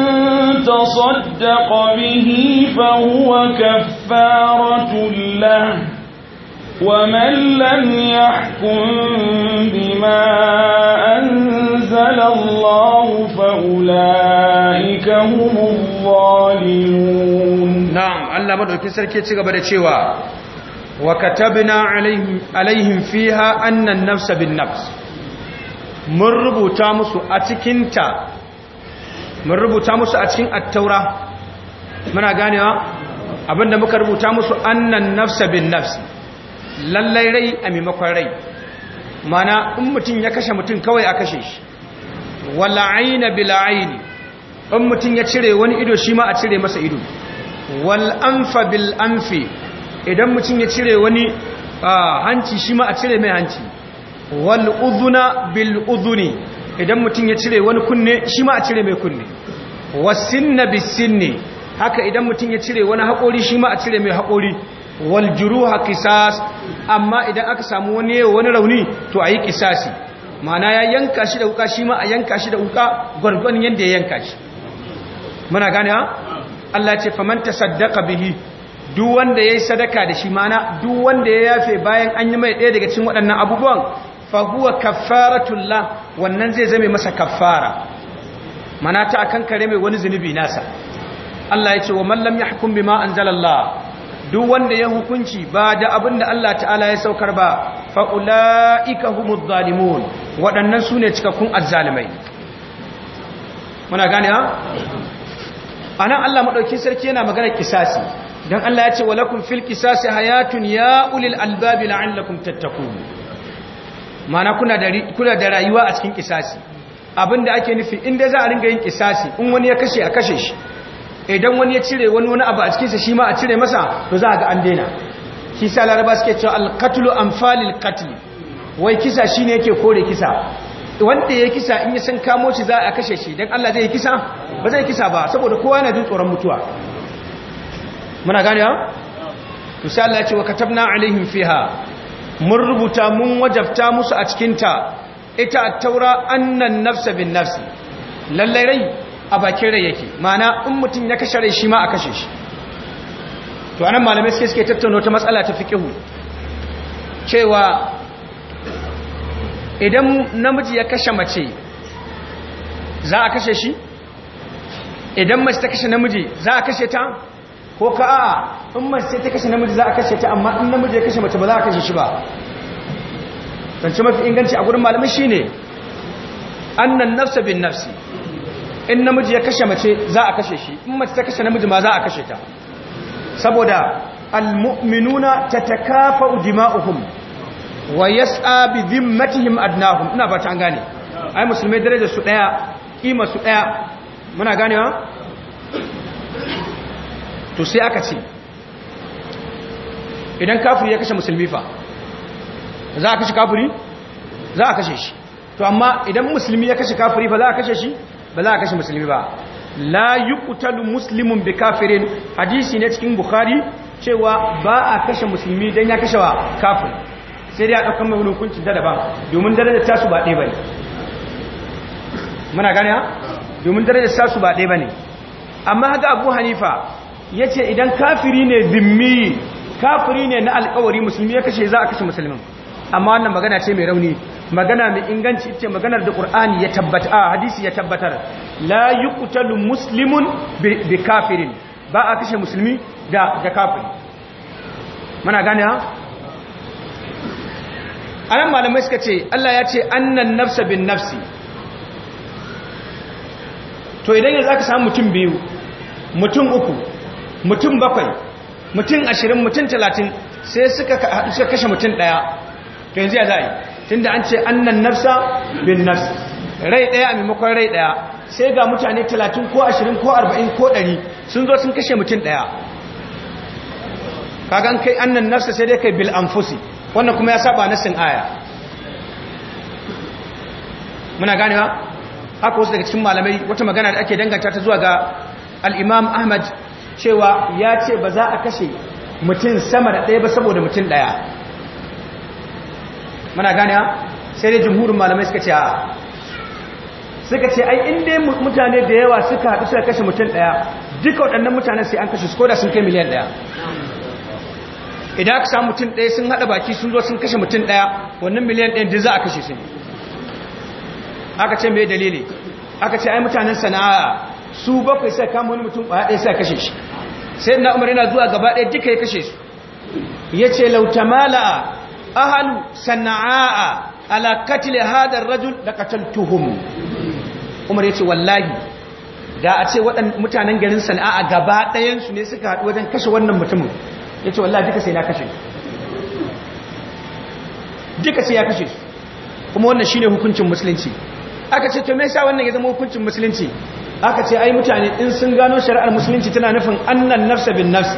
تصدق به فهو كفارة له ومن لم يحكم بما أنزل الله فأولئك هم الظالمون نعم الله مدرك سركي تغبى لتشيوى وكتبنا عليهم, عليهم فيها أن النفس بالنفس من ربوتا مسو أتكنت من ربوتا مسو أتكن التوراة muna ganewa abinda muka rubuta musu annan nafsa bin nafsi lallai rai a maimakon rai mana in mutum ya kashe mutum kawai a kashe shi wala aina bila aini in mutum ya cire wani ido shi ma a cire masa ido wal anfa bil anfi idan mutum ya cire wani hanci shi ma a cire mai hanci wal udhuna bil udhuni idan mutum ya cire wani kunne shi ma a cire mai kunne wasinna bisinni haka idan mutum ya cire wani haƙori shi ma a cire mai haƙori waljuruha juruha amma idan aka samu wani wani rauni to ayi kisasi. ma'ana ya yanka shi da wuka shi ma a yanka shi da wuka gurgun yanda ya yanka shi muna gane ha Allah ce faman tasaddaqa bihi duk wanda yayi sadaka da shi mana duk wanda ya yafe bayan an yi mai ɗaya daga cikin waɗannan abubuwan fa huwa kaffaratullah wannan zai zame masa kaffara mana ta akan kare mai wani zunubi nasa Allah ya ce wa man lam yahkum bima anzalallah duk wanda ya hukunci ba da abin da Allah ta'ala ya saukar ba fa'ula'ika humuz zalimun waɗannan su ne cikakkun azzalimai muna gane ha? a nan Allah maɗauki sarki yana magana kisasi don Allah ya ce wa fil kisasi hayatun ya ulil albabi la'allakum tattaku mana kuna da rayuwa a cikin kisasi abin da ake nufi inda za a ringa yin kisasi in wani ya kashe a kashe shi idan wani ya cire wani wani abu a cikinsa shi ma a cire masa to za a ga an daina shi sa laraba suke cewa alkatulu amfalil katli wai kisa shi ne yake kore kisa wanda ya kisa in ya san kamo shi za a kashe shi don allah zai kisa ba zai kisa ba saboda kowa yana jin tsoron mutuwa muna gane ha to sai allah ya ce wa katabna alaihim fiha mun rubuta mun wajabta musu a cikinta ita taura annan nafsa bin nafsi lallai rai a bakin rai yake ma'ana in mutum ya kashe rai shi ma a kashe shi to anan malamai suke suke tattauna ta matsala ta fiqihu cewa idan namiji ya kashe mace za a kashe shi idan mace ta kashe namiji za a kashe ta ko ka a in mace ta kashe namiji za a kashe ta amma in namiji ya kashe mace ba za a kashe shi ba zance mafi inganci a gurin malamai shine annan nafsa bin nafsi in namiji ya kashe mace za a kashe shi in mace ta kashe namiji ma za a kashe ta saboda almu'minuna tatakafa'u dima'uhum wa yas'a bi dhimmatihim adnahum ina ba ta gane ai musulmi daraja su daya kima su daya muna ganewa to sai aka ce idan kafiri ya kashe musulmi fa za a kashe kafiri za a kashe shi to amma idan musulmi ya kashe kafiri fa za a kashe shi ba za a kashe musulmi ba la kutalu musulmin bi kafirin hadisi ne cikin bukhari cewa ba a kashe musulmi don ya kashe wa kafin sai dai a ɗaukar mai hulukuncin da daban domin darajar tasu ba ɗaya bane muna gane domin darajar tasu ba ɗaya ne amma haka abu hanifa yace idan kafiri ne zimmi kafiri ne na alƙawari musulmi ya kashe za a kashe musulmin amma wannan magana ce mai rauni magana mai inganci ce maganar da ƙur'ani ya tabbata a hadisi ya tabbatar la yuqtalu musulmin da kafirin ba a kashe musulmi da da kafiri muna gane ha anan malamai suka ce Allah ya ce annan nafsa bin nafsi to idan yanzu aka samu mutum biyu mutum uku mutum bakwai mutum ashirin mutum talatin sai suka kashe mutum daya to yanzu ya za'a yi tunda an ce annan nafsa bin nafs rai daya a maimakon rai daya sai ga mutane 30 ko 20 ko 40 ko 100 sun zo sun kashe mutum daya kagan kai annan nafsa sai dai kai bil anfusi wannan kuma ya saba sin aya muna ganewa haka wasu daga cikin malamai wata magana da ake danganta ta zuwa ga al-imam ahmad cewa ya ce ba za a kashe mutum sama da ɗaya ba saboda mutum ɗaya muna gane sai dai jumhurin malamai suka ce a suka ce ai inda mutane da yawa suka haɗu suka kashe mutum ɗaya duka waɗannan mutanen sai an kashe su koda sun kai miliyan ɗaya idan aka samu mutum ɗaya sun haɗa baki sun zo sun kashe mutum ɗaya wannan miliyan ɗaya duk za a kashe su aka ce mai dalili aka ce ai mutanen sana'a su bakwai sai kama wani mutum ɗaya sai kashe shi sai na umar yana zuwa gaba ɗaya duka ya kashe su ya ce lautamala ahalu sana'a ala katile hadar rajul da kataltuhum umar ya ce wallahi da a ce mutanen garin sana'a gaba su ne suka haɗu wajen kashe wannan mutumin ya ce wallahi duka sai na kashe duka sai ya kashe kuma wannan shi ne hukuncin musulunci aka ce to me yasa wannan ya zama hukuncin musulunci aka ce ai mutane in sun gano shari'ar musulunci tana nufin annan nafsa bin nafsi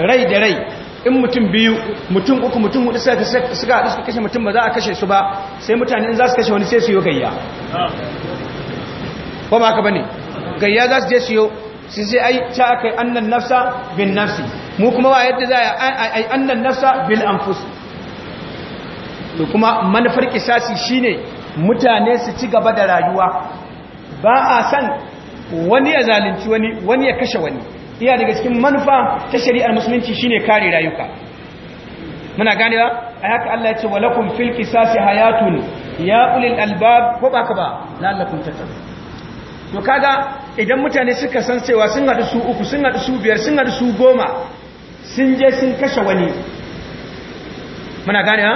rai da rai in mutum biyu mutum uku mutum hudu suka haɗu suka kashe mutum ba za a kashe su ba sai mutane in za su kashe wani sai su yi gayya ba ba ka ba ne gayya za su je su yi su sai ai ta aka yi annan nafsa bin nafsi mu kuma ba yadda za a yi annan nafsa bil anfus to kuma manufar kisasi shine mutane su ci gaba da rayuwa ba a san wani ya zalunci wani wani ya kashe wani iya daga cikin manufa ta shari'ar musulunci shine kare rayuka muna ba a haka Allah ya ce walakum fil qisasi hayatun ya ulil albab ko ba ka ba lallakum tattaqun to kaga idan mutane suka san cewa sun hadu su uku sun hadu su biyar sun hadu su goma sun je sun kashe wani muna gane ha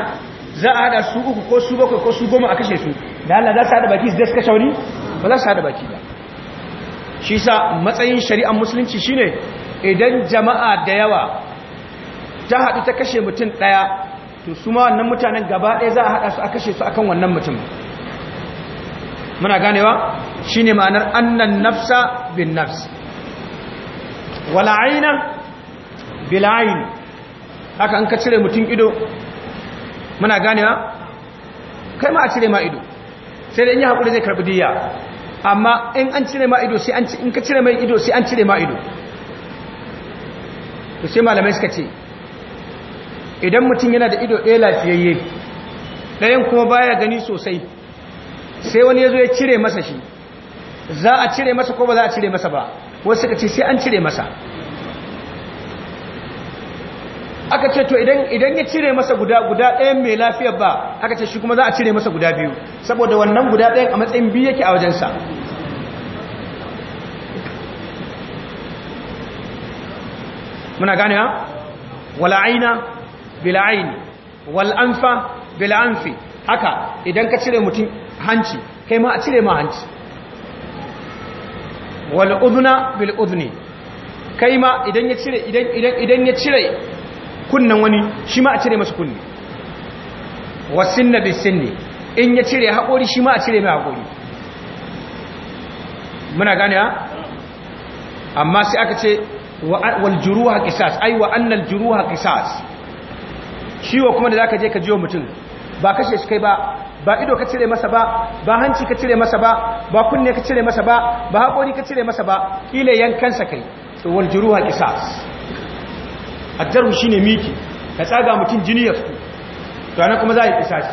za a hada su uku ko su bakwai ko su goma a kashe su da Allah za su hada baki su kashe wani ba za su hada baki ba shi sa matsayin shari'ar musulunci shine idan jama'a da yawa ta haɗu ta kashe mutum ɗaya to su ma wannan mutanen gaba ɗaya za a haɗa su a kashe su akan wannan mutum muna ganewa shine ma'anar annan nafsa bin nafs wala aina haka an ka cire mutum ido muna ganewa kai ma a cire ma ido sai da in yi haƙuri zai karɓi diya amma in an cire ma ido sai in ka cire mai ido sai an cire ma ido to sai malamai suka ce idan mutum yana da ido ɗaya lafiyayye ɗayan kuma baya gani sosai sai wani ya zo ya cire masa shi za a cire masa ko ba za a cire masa ba wasu suka ce sai an cire masa aka ce to idan ya cire masa guda guda ɗayan mai lafiyar ba aka ce shi kuma za a cire masa guda biyu saboda wannan guda ɗayan a matsayin biyu yake a wajensa muna gane ha wala aina bila aini wal anfa bila anfi haka idan ka cire mutum hanci kai ma a cire ma hanci wal udhna bil udhni kai ma idan ya cire idan idan idan ya cire kunnan wani shi ma a cire masa kunni wasinna bis sinni in ya cire haƙori shi ma a cire mai haƙori muna gane ha amma sai aka ce wal kisas ai wa annal juruha qisas ciwo kuma da zaka je ka jiwo mutum ba kashe shi kai ba ba ido ka cire masa ba ba hanci ka cire masa ba ba kunne ka cire masa ba ba haƙori ka cire masa ba kila yankansa kai to waljuruha kisas addaru shine miki ka tsaga mutum jini ya fito to ana kuma za a yi sai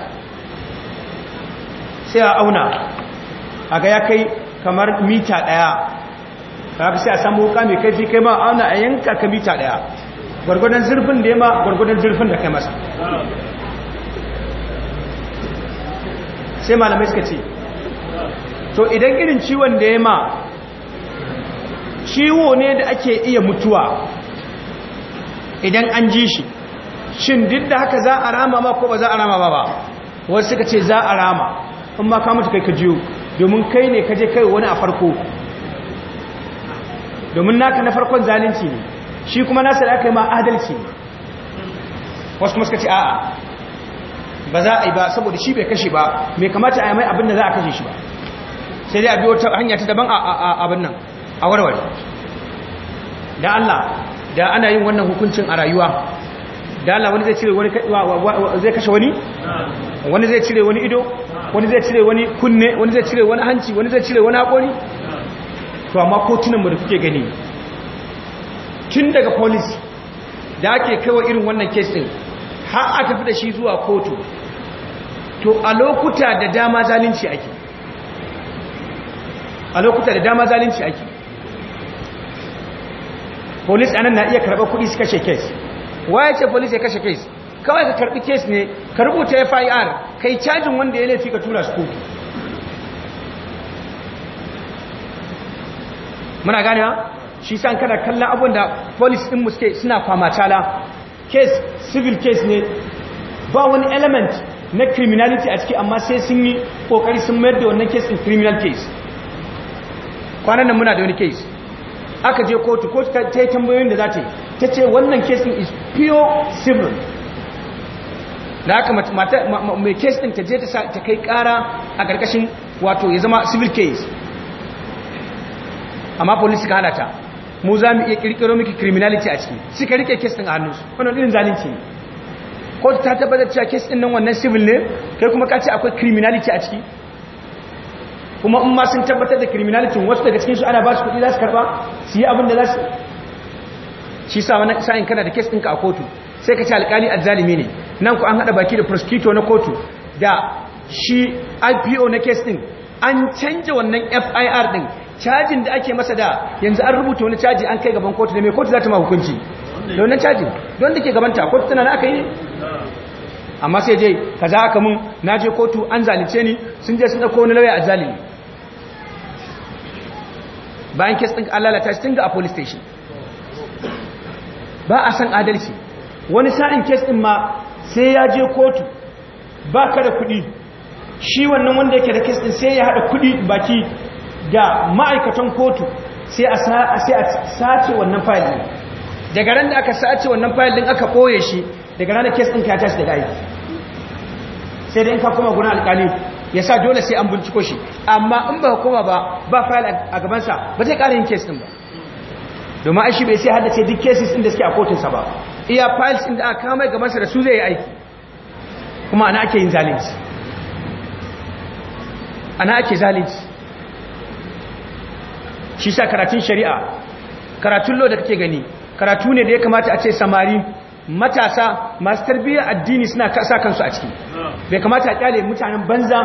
a auna aga ya kai kamar mita daya fi sai a samu wuka mai kaifi kai ma auna a yanka ka mita daya gwargwadon zurfin da ya ma gwargwadon zurfin da kai masa sai malamai suka ce to idan irin ciwon da ya ma ciwo ne da ake iya mutuwa idan an ji shi shin duk da haka za a rama ma ko ba za a rama ba ba wasu suka ce za a rama in ma ka kai ka jiyo domin kai ne ka je kai wani a farko domin naka na farkon zalunci ne shi kuma nasa da aka yi ma adalci ne wasu kuma suka ce a'a ba za a yi ba saboda shi bai kashe ba mai kamata a yi mai abin da za a kashe shi ba sai dai a biyo ta hanya ta daban a abin nan a warware da Allah da ana yin wannan hukuncin a rayuwa da Allah wani zai cire wani zai kashe wani wani zai cire wani ido wani zai cire wani kunne wani zai cire wani hanci wani zai cire wani haƙori to amma mu da kuke gani tun daga police da ake kaiwa irin wannan din har a tafi da shi zuwa kotu to a lokuta da dama zalunci ake a lokuta da dama zalunci ake police anan na iya karɓar kuɗi su kashe kes waye ce police ya kashe kes kawai ka karɓi kes ne ka rubuta fir kai cajin wanda ya laifi ka tura su kotu muna ganewa shi san kada kallon abin da police din muske suna tala case civil case ne ba wani element na criminality a ciki amma sai sun yi kokari sun mayar da wannan case in criminal case kwanan nan muna da wani case aka je kotu kotu ta yi tambayoyin da za ta yi ta ce wannan case is pure civil da haka mai case din ta je ta kai kara a ƙarƙashin wato ya zama civil case amma police ka hana mu za mu iya kirkiro miki criminality a ciki ka rike kes din a hannunsu wani irin zalunci ne ko ta tabbatar cewa kes din nan wannan civil ne kai kuma ka ce akwai criminality a ciki kuma in ma sun tabbatar da criminality wasu daga cikin su ana ba su kuɗi za su karba su yi abin da za su shi sa wani sa'in kana da kes ɗinka a kotu sai ka ce alƙali azzalimi ne nan ku an haɗa baki da prosecutor na kotu da shi IPO na kes ɗin an canja wannan FIR ɗin cajin da ake masa da yanzu an rubuta wani caji an kai gaban kotu da mai kotu za ta ma hukunci da wannan caji don da ke gabanta kotu tana na aka yi amma sai je kaza aka mun na je kotu an zalice ni sun je sun ɗauko wani lauya a zalimi bayan kes ɗin Allah ta shi ga a police station ba a san adalci wani sa'in kes ɗin ma sai ya je kotu ba ka da kuɗi shi wannan wanda yake da kes ɗin sai ya haɗa kuɗi baki da ma'aikatan kotu sai a sace wannan fayil ne daga ran da aka sace wannan fayil din aka koye shi daga da kes din ka tashi daga aiki sai dai in ka koma guna alƙali ya sa dole sai an binciko shi amma in ba koma ba ba fayil a gabansa ba zai ƙara yin kes din ba domin aishi bai sai haddace duk cases din da suke a kotunsa ba iya files din da aka kama gabansa da su zai yi aiki kuma ana ake yin zalunci ana ake zalunci shi sa karatun shari'a karatun lo da kake gani karatu ne da ya kamata a ce samari matasa masu tarbiyya addini suna sa kansu a ciki bai kamata a kyale mutanen banza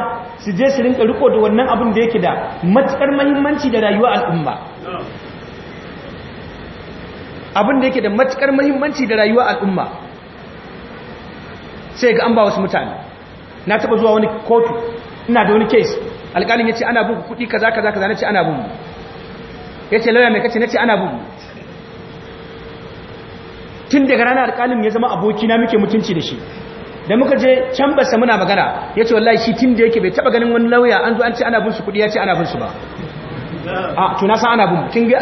su je su rinka riko da wannan abin da yake da matukar mahimmanci da rayuwar al'umma abin da yake da matukar mahimmanci da rayuwar al'umma sai ga an ba wasu mutane na taba zuwa wani kotu ina da wani case alƙalin ya ce ana buku kuɗi kaza kaza kaza na ce ana mu. ya ce lauya mai kace na ce ana bin tun daga rana alƙalin ya zama abokina muke mutunci da shi da muka je can basa muna magana ya ce wallahi shi tun da yake bai taɓa ganin wani lauya an zo an ce ana bin su kuɗi ya ce ana bin su ba a tuna sa ana bin kin ga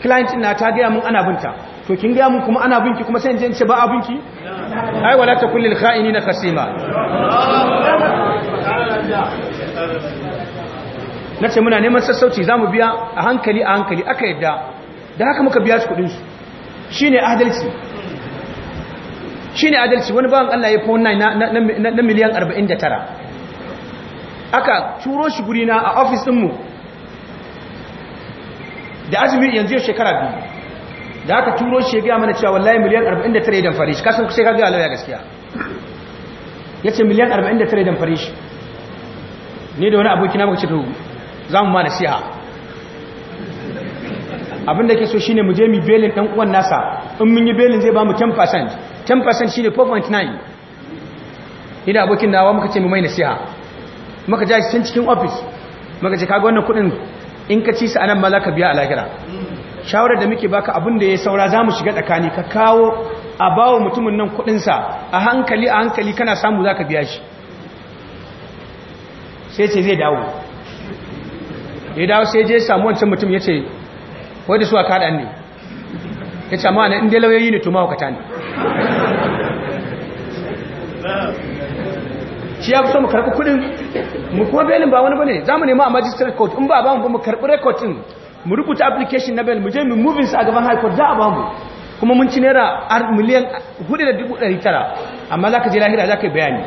client na ta gaya mun ana bunta to kin gaya mun kuma ana bunki kuma sai in ce ba a binki ai wala ta kullil kha'inina khasima na ce muna neman sassauci za mu biya a hankali a hankali aka yadda da haka muka biya su kudinsu shi ne adalci shi ne adalci wani bawan Allah ya fi wannan na miliyan 49 aka turo shi gurina a ofis da azumi yanzu ya shekara biyu da aka turo shi ya gaya mana cewa wallahi miliyan 49 ya fari shi kasan kusa ya gaya lauya gaskiya ya ce miliyan 49 ya fari shi ne da wani abokina muka ce za mu ma nasiha abin da ke so shine mu je mu belin dan uwan nasa in mun yi belin zai ba mu 10% 10% shine 4.9 ina abokin nawa muka ce mu mai nasiha muka ja shi cikin ofis muka ce kaga wannan kudin in ka ci su anan ma za ka biya a lahira shawarar da muke baka abin da ya saura za mu shiga tsakani ka kawo a bawa mutumin nan kudinsa a hankali a hankali kana samu za ka biya shi sai ce zai dawo da ya dawo sai je samu wancan mutum ya ce wadda da suwa kaɗan ne ya ce amma na inda lauyoyi ne to mahaukata ne shi ya fi so mu karɓi kudin mu kuma belin ba wani ba ne za mu nema a magistrate court in ba ba mu karɓi record mu rubuta application na belin mu je mu movin su a gaban high court za a ba mu kuma mun ci naira miliyan 4,900 amma za ka je lahira za ka yi bayani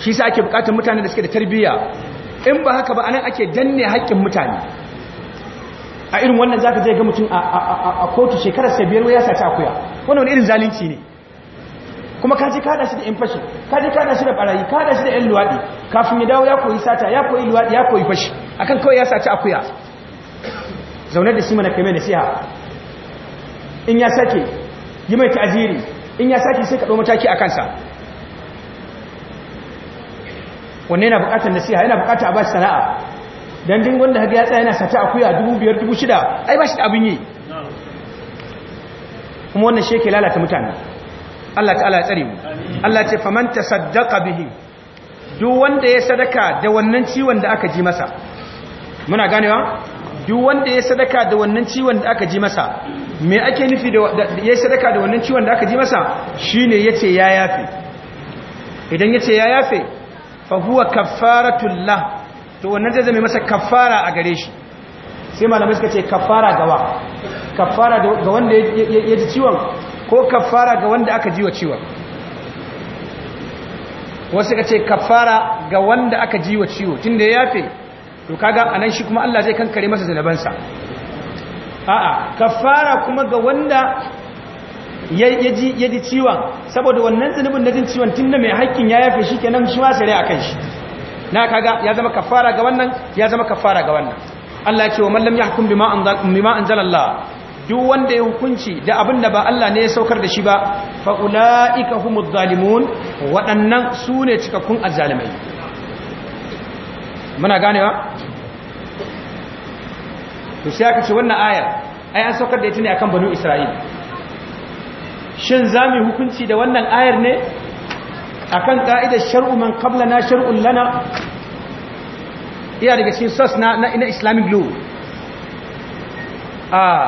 shi sa ake bukatar mutane da suke da tarbiyya in ba haka ba anan ake danne haƙƙin mutane a irin wannan za ka zai ga mutum a kotu shekarar sa biyar ya saci akuya wannan wani irin zalunci ne kuma ka ce kada shi da infashi ka je kada shi da barayi kada shi da yan luwaɗi kafin ya dawo ya koyi sata ya koyi luwaɗi ya koyi fashi a kan kawai ya saci akuya zaunar da shi mana kai mai siya in ya sake yi mai ta'aziri in ya sake sai ka ɗau mataki a kansa wanne yana bukatar nasiha yana bukatar a bashi sana'a Don din wanda haga ya tsaya yana sata akuya 2500 6000 ai ba shi da abin yi kuma wannan shi yake lalata mutane Allah ta'ala ya tsare mu Allah ce faman tasaddaqa bihi duk wanda ya sadaka da wannan ciwon da aka ji masa muna ganewa duk wanda ya sadaka da wannan ciwon da aka ji masa me ake nufi da ya sadaka da wannan ciwon da aka ji masa shine yace ya yafe idan yace ya yafe fa huwa kaffaratul to wannan zai zama masa kaffara a gare shi sai malamai suka ce kaffara gawa kaffara ga wanda ya ji ciwon ko kaffara ga wanda aka ji wa ciwon wasu suka ce kaffara ga wanda aka ji wa tun da ya yafe to kaga anan shi kuma Allah zai kankare masa zanabansa a'a kaffara kuma ga wanda ya ji ciwon saboda wannan zunubin na jin ciwon tun da mai haƙƙin ya yafe shi kenan shi ma rai a kan shi na kaga ya zama kafara ga wannan ya zama kafara ga wannan Allah ya ce wa mallam bi ma anzal bima anzalallah duk wanda ya hukunci da abin da ba Allah ne ya saukar da shi ba fa ulaika humu zalimun waɗannan su ne cikakkun azzalimai muna ganewa to sai aka ce wannan ayar ai an saukar da ita ne akan banu isra'ila shin za mu hukunci da wannan ayar ne a kan ƙa'idar shar'u man na shar'un lana iya daga cikin sos na ina islamic law ah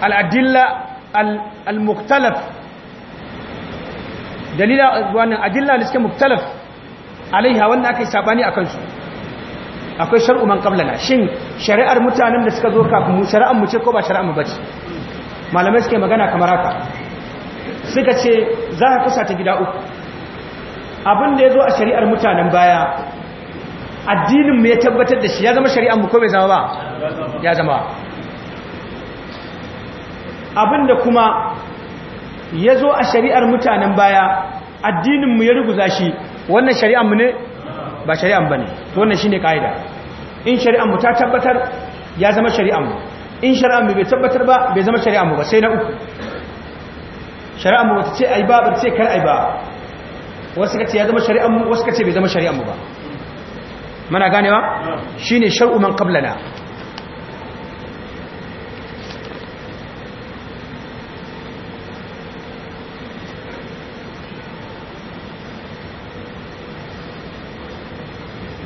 al al-muktalaf dalila wannan adilla da suke muktalaf alaiha wanda aka yi sabani a kansu akwai shar'u man na. shin shari'ar mutanen da suka zo kafin mu shari'ar mu ce ko ba shari'ar mu ce malamai suke magana kamar haka suka ce za ka kusa ta gida uku abin da ya zo a shari'ar mutanen baya addinin mai tabbatar da shi ya zama shari'ar mu ko bai zama ba ya zama abin da kuma ya zo a shari'ar mutanen baya addinin mu ya ruguza shi wannan shari'ar mu ne ba shari'ar ba ne to wannan shi ne ƙa'ida in shari'ar mu ta tabbatar ya zama shari'ar mu in shari'ar mu bai tabbatar ba bai zama shari'ar mu ba sai na uku shari'ar mu bata ce ai ba bata ce kar ai ba wasu kace ya zama shari'a mu wasu kace bai zama shari'a mu ba muna ganewa shine shar'u man qablana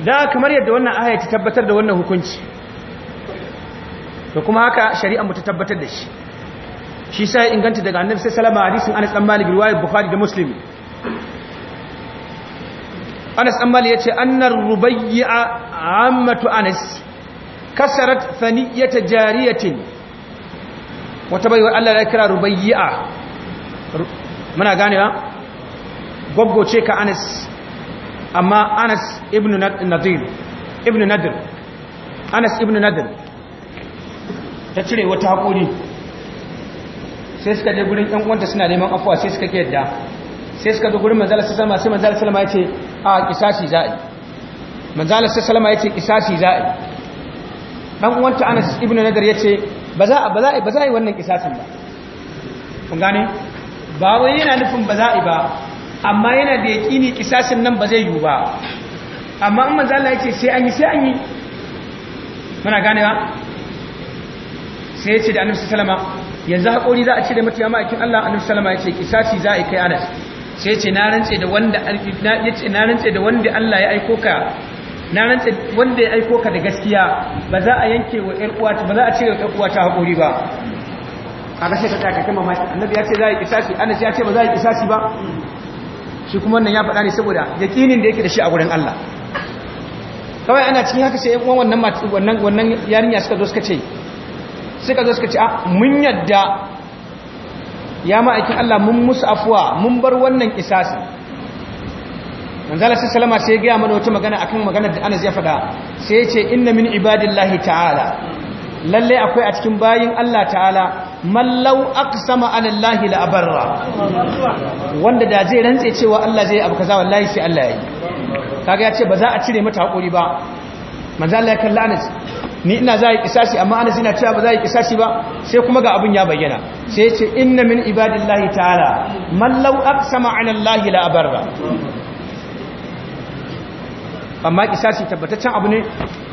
da kamar yadda wannan aya ta tabbatar da wannan hukunci to kuma haka shari'a mu ta tabbatar da shi shi sai inganta daga annabi sai salama hadisin Anas dan Malik riwayat Bukhari da Muslim Anas dan Malik yace annar rubayya ammatu Anas kasarat thaniyata jariyatin wata baiwa Allah ya kira rubayya muna gane Goggo ce ka Anas amma Anas ibn Nadir ibn Nadir Anas ibn Nadir ta cire wata hakuri sai suka je gurin yan uwanta suna neman afuwa sai suka yadda sai suka zo gurin manzala salama sai manzala salama ya ce a kisasi za'i manzala salama ya ce kisasi za'i dan uwanta Anas ibn Nadar ya ce ba za ba za ba za yi wannan kisasin ba kun gane ba wai yana nufin ba yi ba amma yana da ni kisasin nan ba zai yiwu ba amma in manzala ya ce sai an yi sai an yi muna ganewa sai ya ce da annabi salama. yanzu haƙori za a da mutu ya ma'aikin Allah annabi salama ya ce kisasi za a kai anas sai ce na rantse da wanda na rantse da wanda Allah ya aiko ka na rantse wanda ya aiko ka da gaskiya ba za a yanke wa ƴar ba za a cire ƴar uwa ta haƙori ba a sai ka tsaya kai mamaki annabi ya ce za a yi kisasi anas ya ce ba za a yi kisasi ba shi kuma wannan ya faɗa ne saboda yaƙinin da yake da shi a wurin Allah kawai ana cikin haka sai ƴan uwan wannan wannan yarinya suka zo suka ce ka zo suka ce a ah, mun yadda ya ma'aikin Allah mun musu afuwa mun bar wannan kisasi manzala sai salama sai gaya mana wata magana akan magana da Anas ya faɗa sai ya ce inna min ibadillahi ta'ala lallai akwai a cikin bayin Allah ta'ala mallau aqsama ala Allah la abarra wanda da zai rantse cewa Allah zai abu kaza wallahi sai Allah ya yi kaga ya ce ba za a cire mata hakuri ba manzo ya kalla Anas ni ina za a yi kisasi amma anas zina cewa ba za a yi kisashi ba sai kuma ga abin ya bayyana sai ce inna min ibadillahi ta'ala mallau law aqsama 'ala allahi la amma kisashi tabbataccen abu ne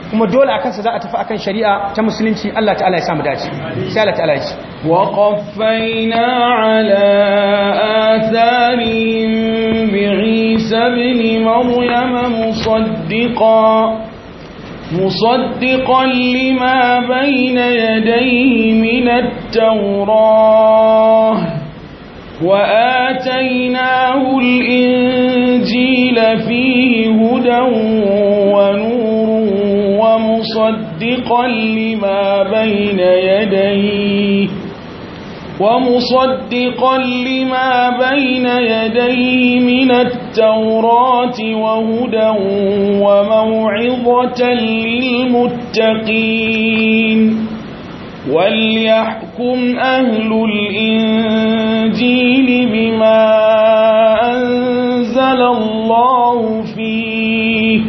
kuma dole a kansa za a tafi akan shari'a ta musulunci Allah ta'ala ya samu dace sai Allah ta'ala ya ce wa 'ala atharihim bi 'isa ibn musaddiqan مصدقا لما بين يديه من التوراة وآتيناه الإنجيل فيه هدى ونور ومصدقا لما بين يديه ومصدقا لما بين يديه من التوراة وهدى وموعظة للمتقين وليحكم أهل الإنجيل بما أنزل الله فيه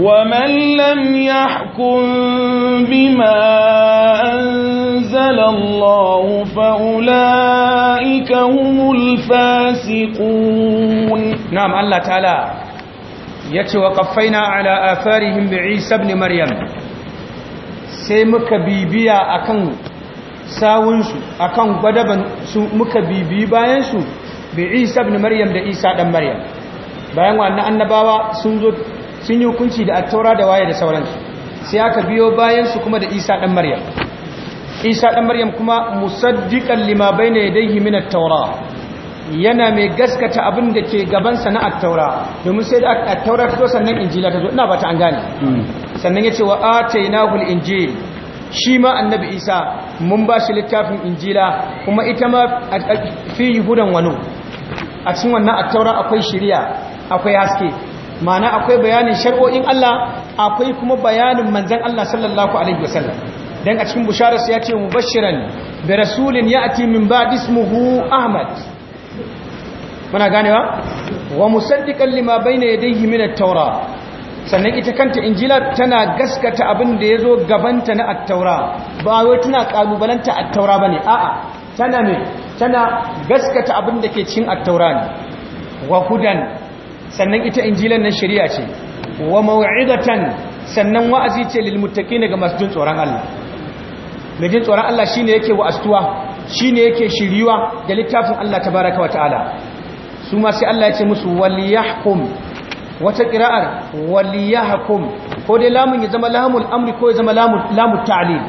ومن لم يحكم بما أنزل قال الله فأولئك هم الفاسقون نعم الله تعالى يتي وقفينا على آثارهم بعيسى بن مريم سيمك بيبيا أكن ساونس أكن قدبا su بيبيا bibi بعيسى بن مريم ibn maryam da isa dan maryam bayan wannan annabawa sun zo sun yi hukunci da attaura da waye da sauransu sai aka biyo bayan su kuma da isa dan maryam isa ɗan maryam kuma musaddiƙan lima bai na yadaihi min taura yana mai gaskata abin da ke gabansa na attaura domin sai da attaura ta zo sannan injila ta zo ina ba ta an gane hmm. sannan ya ce wa atainahul injil shi ma annabi isa mun ba shi littafin injila kuma ita ma fi hudan wani a cikin wannan attaura akwai shirya akwai haske mana akwai bayanin shar'o'in Allah akwai kuma bayanin manzan Allah sallallahu alaihi wasallam dan a cikin bisharar sa yace mubashiran bi rasulin ya'ti min ba'di ismuhu ahmad muna ganewa wa musaddiqan lima bayna yadayhi min at-taura sannan ita kanta injila tana gaskata abin da yazo gabanta na at-taura ba wai tana kalubalanta at-taura bane a'a tana me tana gaskata abin da ke cikin at-taura ne wa hudan sannan ita injilan nan shari'a ce wa maw'idatan sannan wa'azi ce lil muttaqin ga masu jin tsoron Allah mai jin tsoron Allah shine yake wa'astuwa shine yake shiriwa da littafin Allah tabaraka wa ta'ala su ma sai Allah ya ce musu waliyahkum wata kira'ar waliyahkum ko dai lamun ya zama lamul amri ko ya zama lamul lamul ta'lil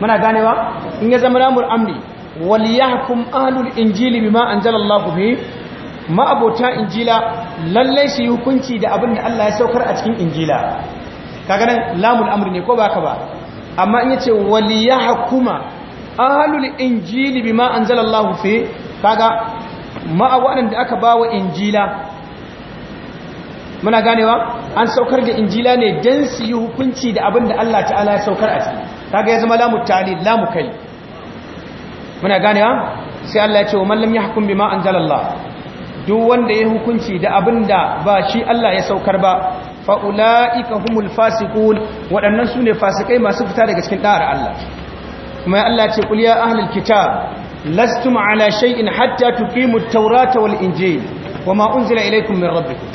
muna ganewa in ya zama lamul amri waliyahkum ahlul injili bima anzalallahu bihi ma abota injila lallai su hukunci da abin da Allah ya saukar a cikin injila kaga nan lamul amri ne ko ba baka ba amma in yace wali ya yahkuma ahlul injili bima anzalallahu fi kaga ma da aka bawa injila muna ganewa an saukar da injila ne dan su yi hukunci da abinda Allah ta'ala ya saukar a ciki kaga ya zama lamu tali lamu kai muna ganewa sai Allah ya ce wa man lam yahkum bima anzalallahu duk wanda ya hukunci da abinda ba shi Allah ya saukar ba fa'ula'ika humul fasikun waɗannan su ne fasikai masu fita daga cikin ɗara Allah Mai Allah ce ƙuliya ahlul kitab lastum ala shay'in hatta tuqimu at-taurata wal injil wama unzila ilaykum min rabbikum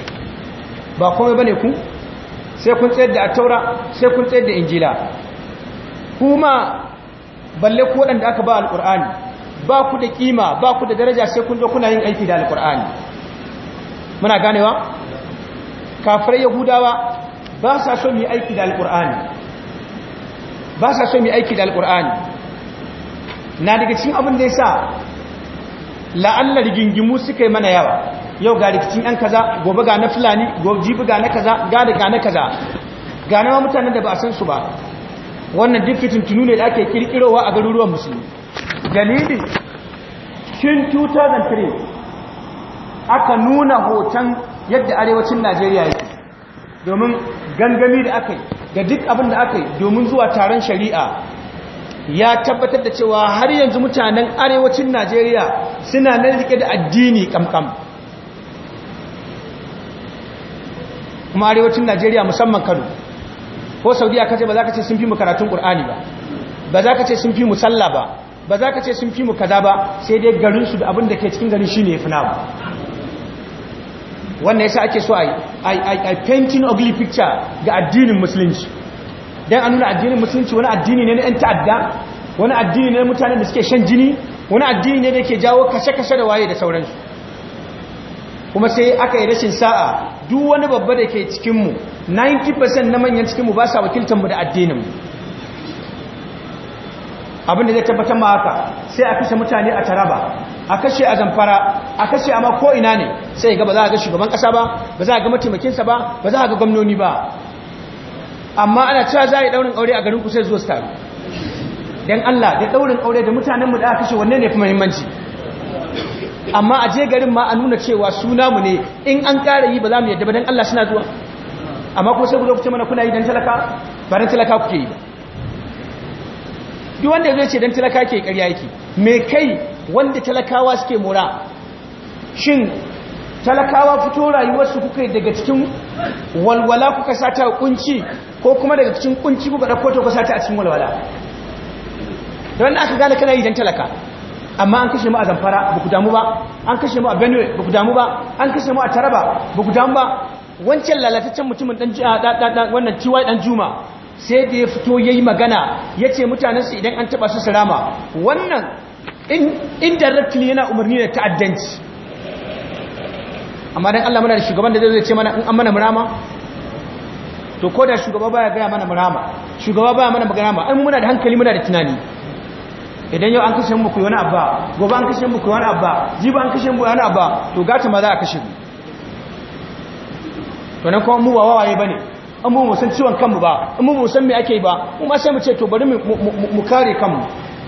ba komai bane ku sai kun tsayar da at-taura sai kun tsayar da injila kuma balle ku waɗanda aka ba al baku ba ku da kima ba ku da daraja sai kun zo kuna yin aiki da al-qur'ani muna ganewa kafirai yahudawa ba sa so mai aiki da Alƙur'ani, ba sa so mai aiki da Alƙur'ani. na daga cikin abin da sa la'allar rigingimu suka yi mana yawa yau ga rikicin yan kaza gobe ga na fulani gobe jibi ga na kaza ga da na kaza gane mutanen da ba a san su ba wannan duk fitintunu ne da ake kirkirowa a garuruwan musulmi dalili tun 2003 aka nuna hoton yadda arewacin najeriya yake domin gangami da aka yi da duk abin da aka yi domin zuwa taron shari'a ya tabbatar da cewa har yanzu mutanen arewacin najeriya suna nan rike da addini kamkam kuma arewacin najeriya musamman kano ko saudiya kace ba za ka ce sun fi mu karatun ƙur'ani ba ba za ka ce sun fi mu sallah ba ba za ka ce sun fi mu kaza ba sai dai garinsu da abin da ke cikin garin shi ne ya fi ba. wannan yasa ake so a painting ugly picture ga addinin musulunci dan an nuna addinin musulunci wani addini ne na yan ta'adda wani addini ne na mutanen da suke shan jini wani addini ne da ke jawo kashe-kashe da waye da sauransu kuma sai aka yi rashin sa'a duk wani babba da ke cikinmu 90% na manyan cikinmu ba sa wakiltanmu da addininmu da zai tabbatar ma haka sai a kashe mutane a taraba a kashe a zamfara a kashe a ma ko ina ne sai ga ba za a ga shugaban kasa ba ba za a ga mataimakinsa ba ba za a ga gwamnoni ba amma ana cewa za a yi daurin aure a garin ku sai zuwa su taru don Allah da daurin aure da mutanenmu da aka kashe wanne ne fi muhimmanci amma a je garin ma a nuna cewa suna mu ne in an ƙara yi ba za mu yadda ba don Allah suna zuwa amma kuma sai ku zo ku ce mana kuna yi don talaka ba don talaka kuke yi ba duk wanda zai ce don talaka ke ƙarya yake me kai wanda talakawa suke mura shin talakawa fito rayuwarsu kuka yi daga cikin walwala kuka sata kunci ko kuma daga cikin kunci kuka ɗauko ta kuka sata a cikin walwala da wannan aka gane kana idan don talaka amma an kashe mu a zamfara ba ku damu ba an kashe mu a benue ba ku damu ba an kashe mu a taraba ba ku damu ba wancan lalataccen mutumin wannan ciwai dan juma sai da ya fito ya yi magana ya ce mutanensu idan an taba su salama wannan indirectly yana umarni da ta'addanci amma dan Allah muna da shugaban da zai ce mana in an mana murama to ko da shugaba baya gaya mana murama shugaba baya mana murama ai muna da hankali muna da tunani idan yau an kashe mu ku wani abba gobe an kashe mu ku wani abba jibi an kashe mu wani abba to gata ma za a kashe mu to nan kuma mu ba wawaye bane an mu san ciwon kanmu ba an mu san me ake ba kuma sai mu ce to bari mu kare kanmu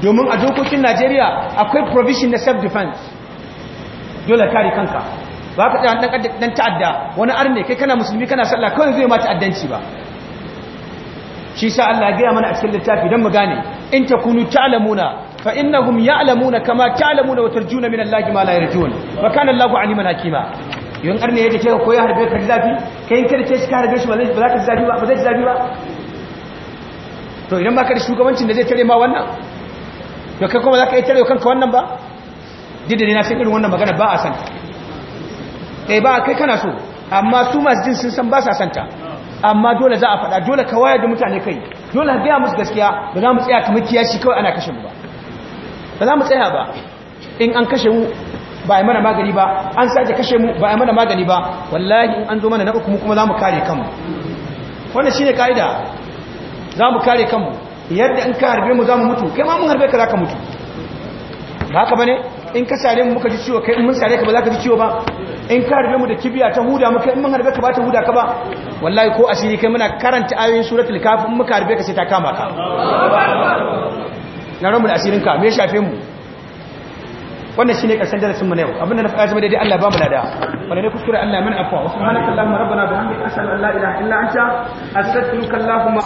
domin a dokokin najeriya akwai provision na self-defense dole kare kanka ba ka tsaye dan ta'adda wani arne kai kana musulmi kana sallah kawai zai ma ta'addanci ba shi sa Allah gaya mana a cikin littafi don mu gane in ta takunu ta'lamuna fa innahum ya'lamuna kama ta'lamuna wa tarjuna min Allah ma la yarjun wa kana Allah aliman hakima yan arne yake cewa ko ya harbe ka zafi kai in karke shi ka harbe shi ba zai ba zai zafi ba ba zai zafi ba to idan ba ka da shugabancin da zai tare ma wannan to kai kuma za ka yi tare kanka wannan ba didda ne na san irin wannan magana ba a santa ɗai eh, ba kai kana so amma su masu jin sun san ba sa santa amma dole za a faɗa dole ka wayar da mutane kai dole ka gaya musu gaskiya ba za mu tsaya kamar kiyashi kawai ana kashe mu ba ba za mu tsaya ba in an kashe mu ba a mana magani ba an sake kashe mu ba a mana magani ba wallahi in an zo mana na uku kuma za mu kare kanmu wannan shine kaida za mu kare kanmu yadda in ka harbe mu za mu mutu kai ma mun harbe ka za ka mutu ba haka ba ne in ka sare mu muka ji ciwo kai mun sare ka ba za ka ji ciwo ba in ka harbe mu da kibiya ta huda mu kai mun harbe ka ba ta huda ka ba wallahi ko asiri kai muna karanta ayoyin suratul in muka harbe ka sai ta kama ka na ramu da asirin ka me shafe mu wannan shine karshen darasin mu na yau abinda na faɗa zama daidai Allah ba mu lada wanda ne kuskure Allah mana afwa subhanakallahumma rabbana bihamdika ashhadu an la ilaha illa anta astaghfiruka allahumma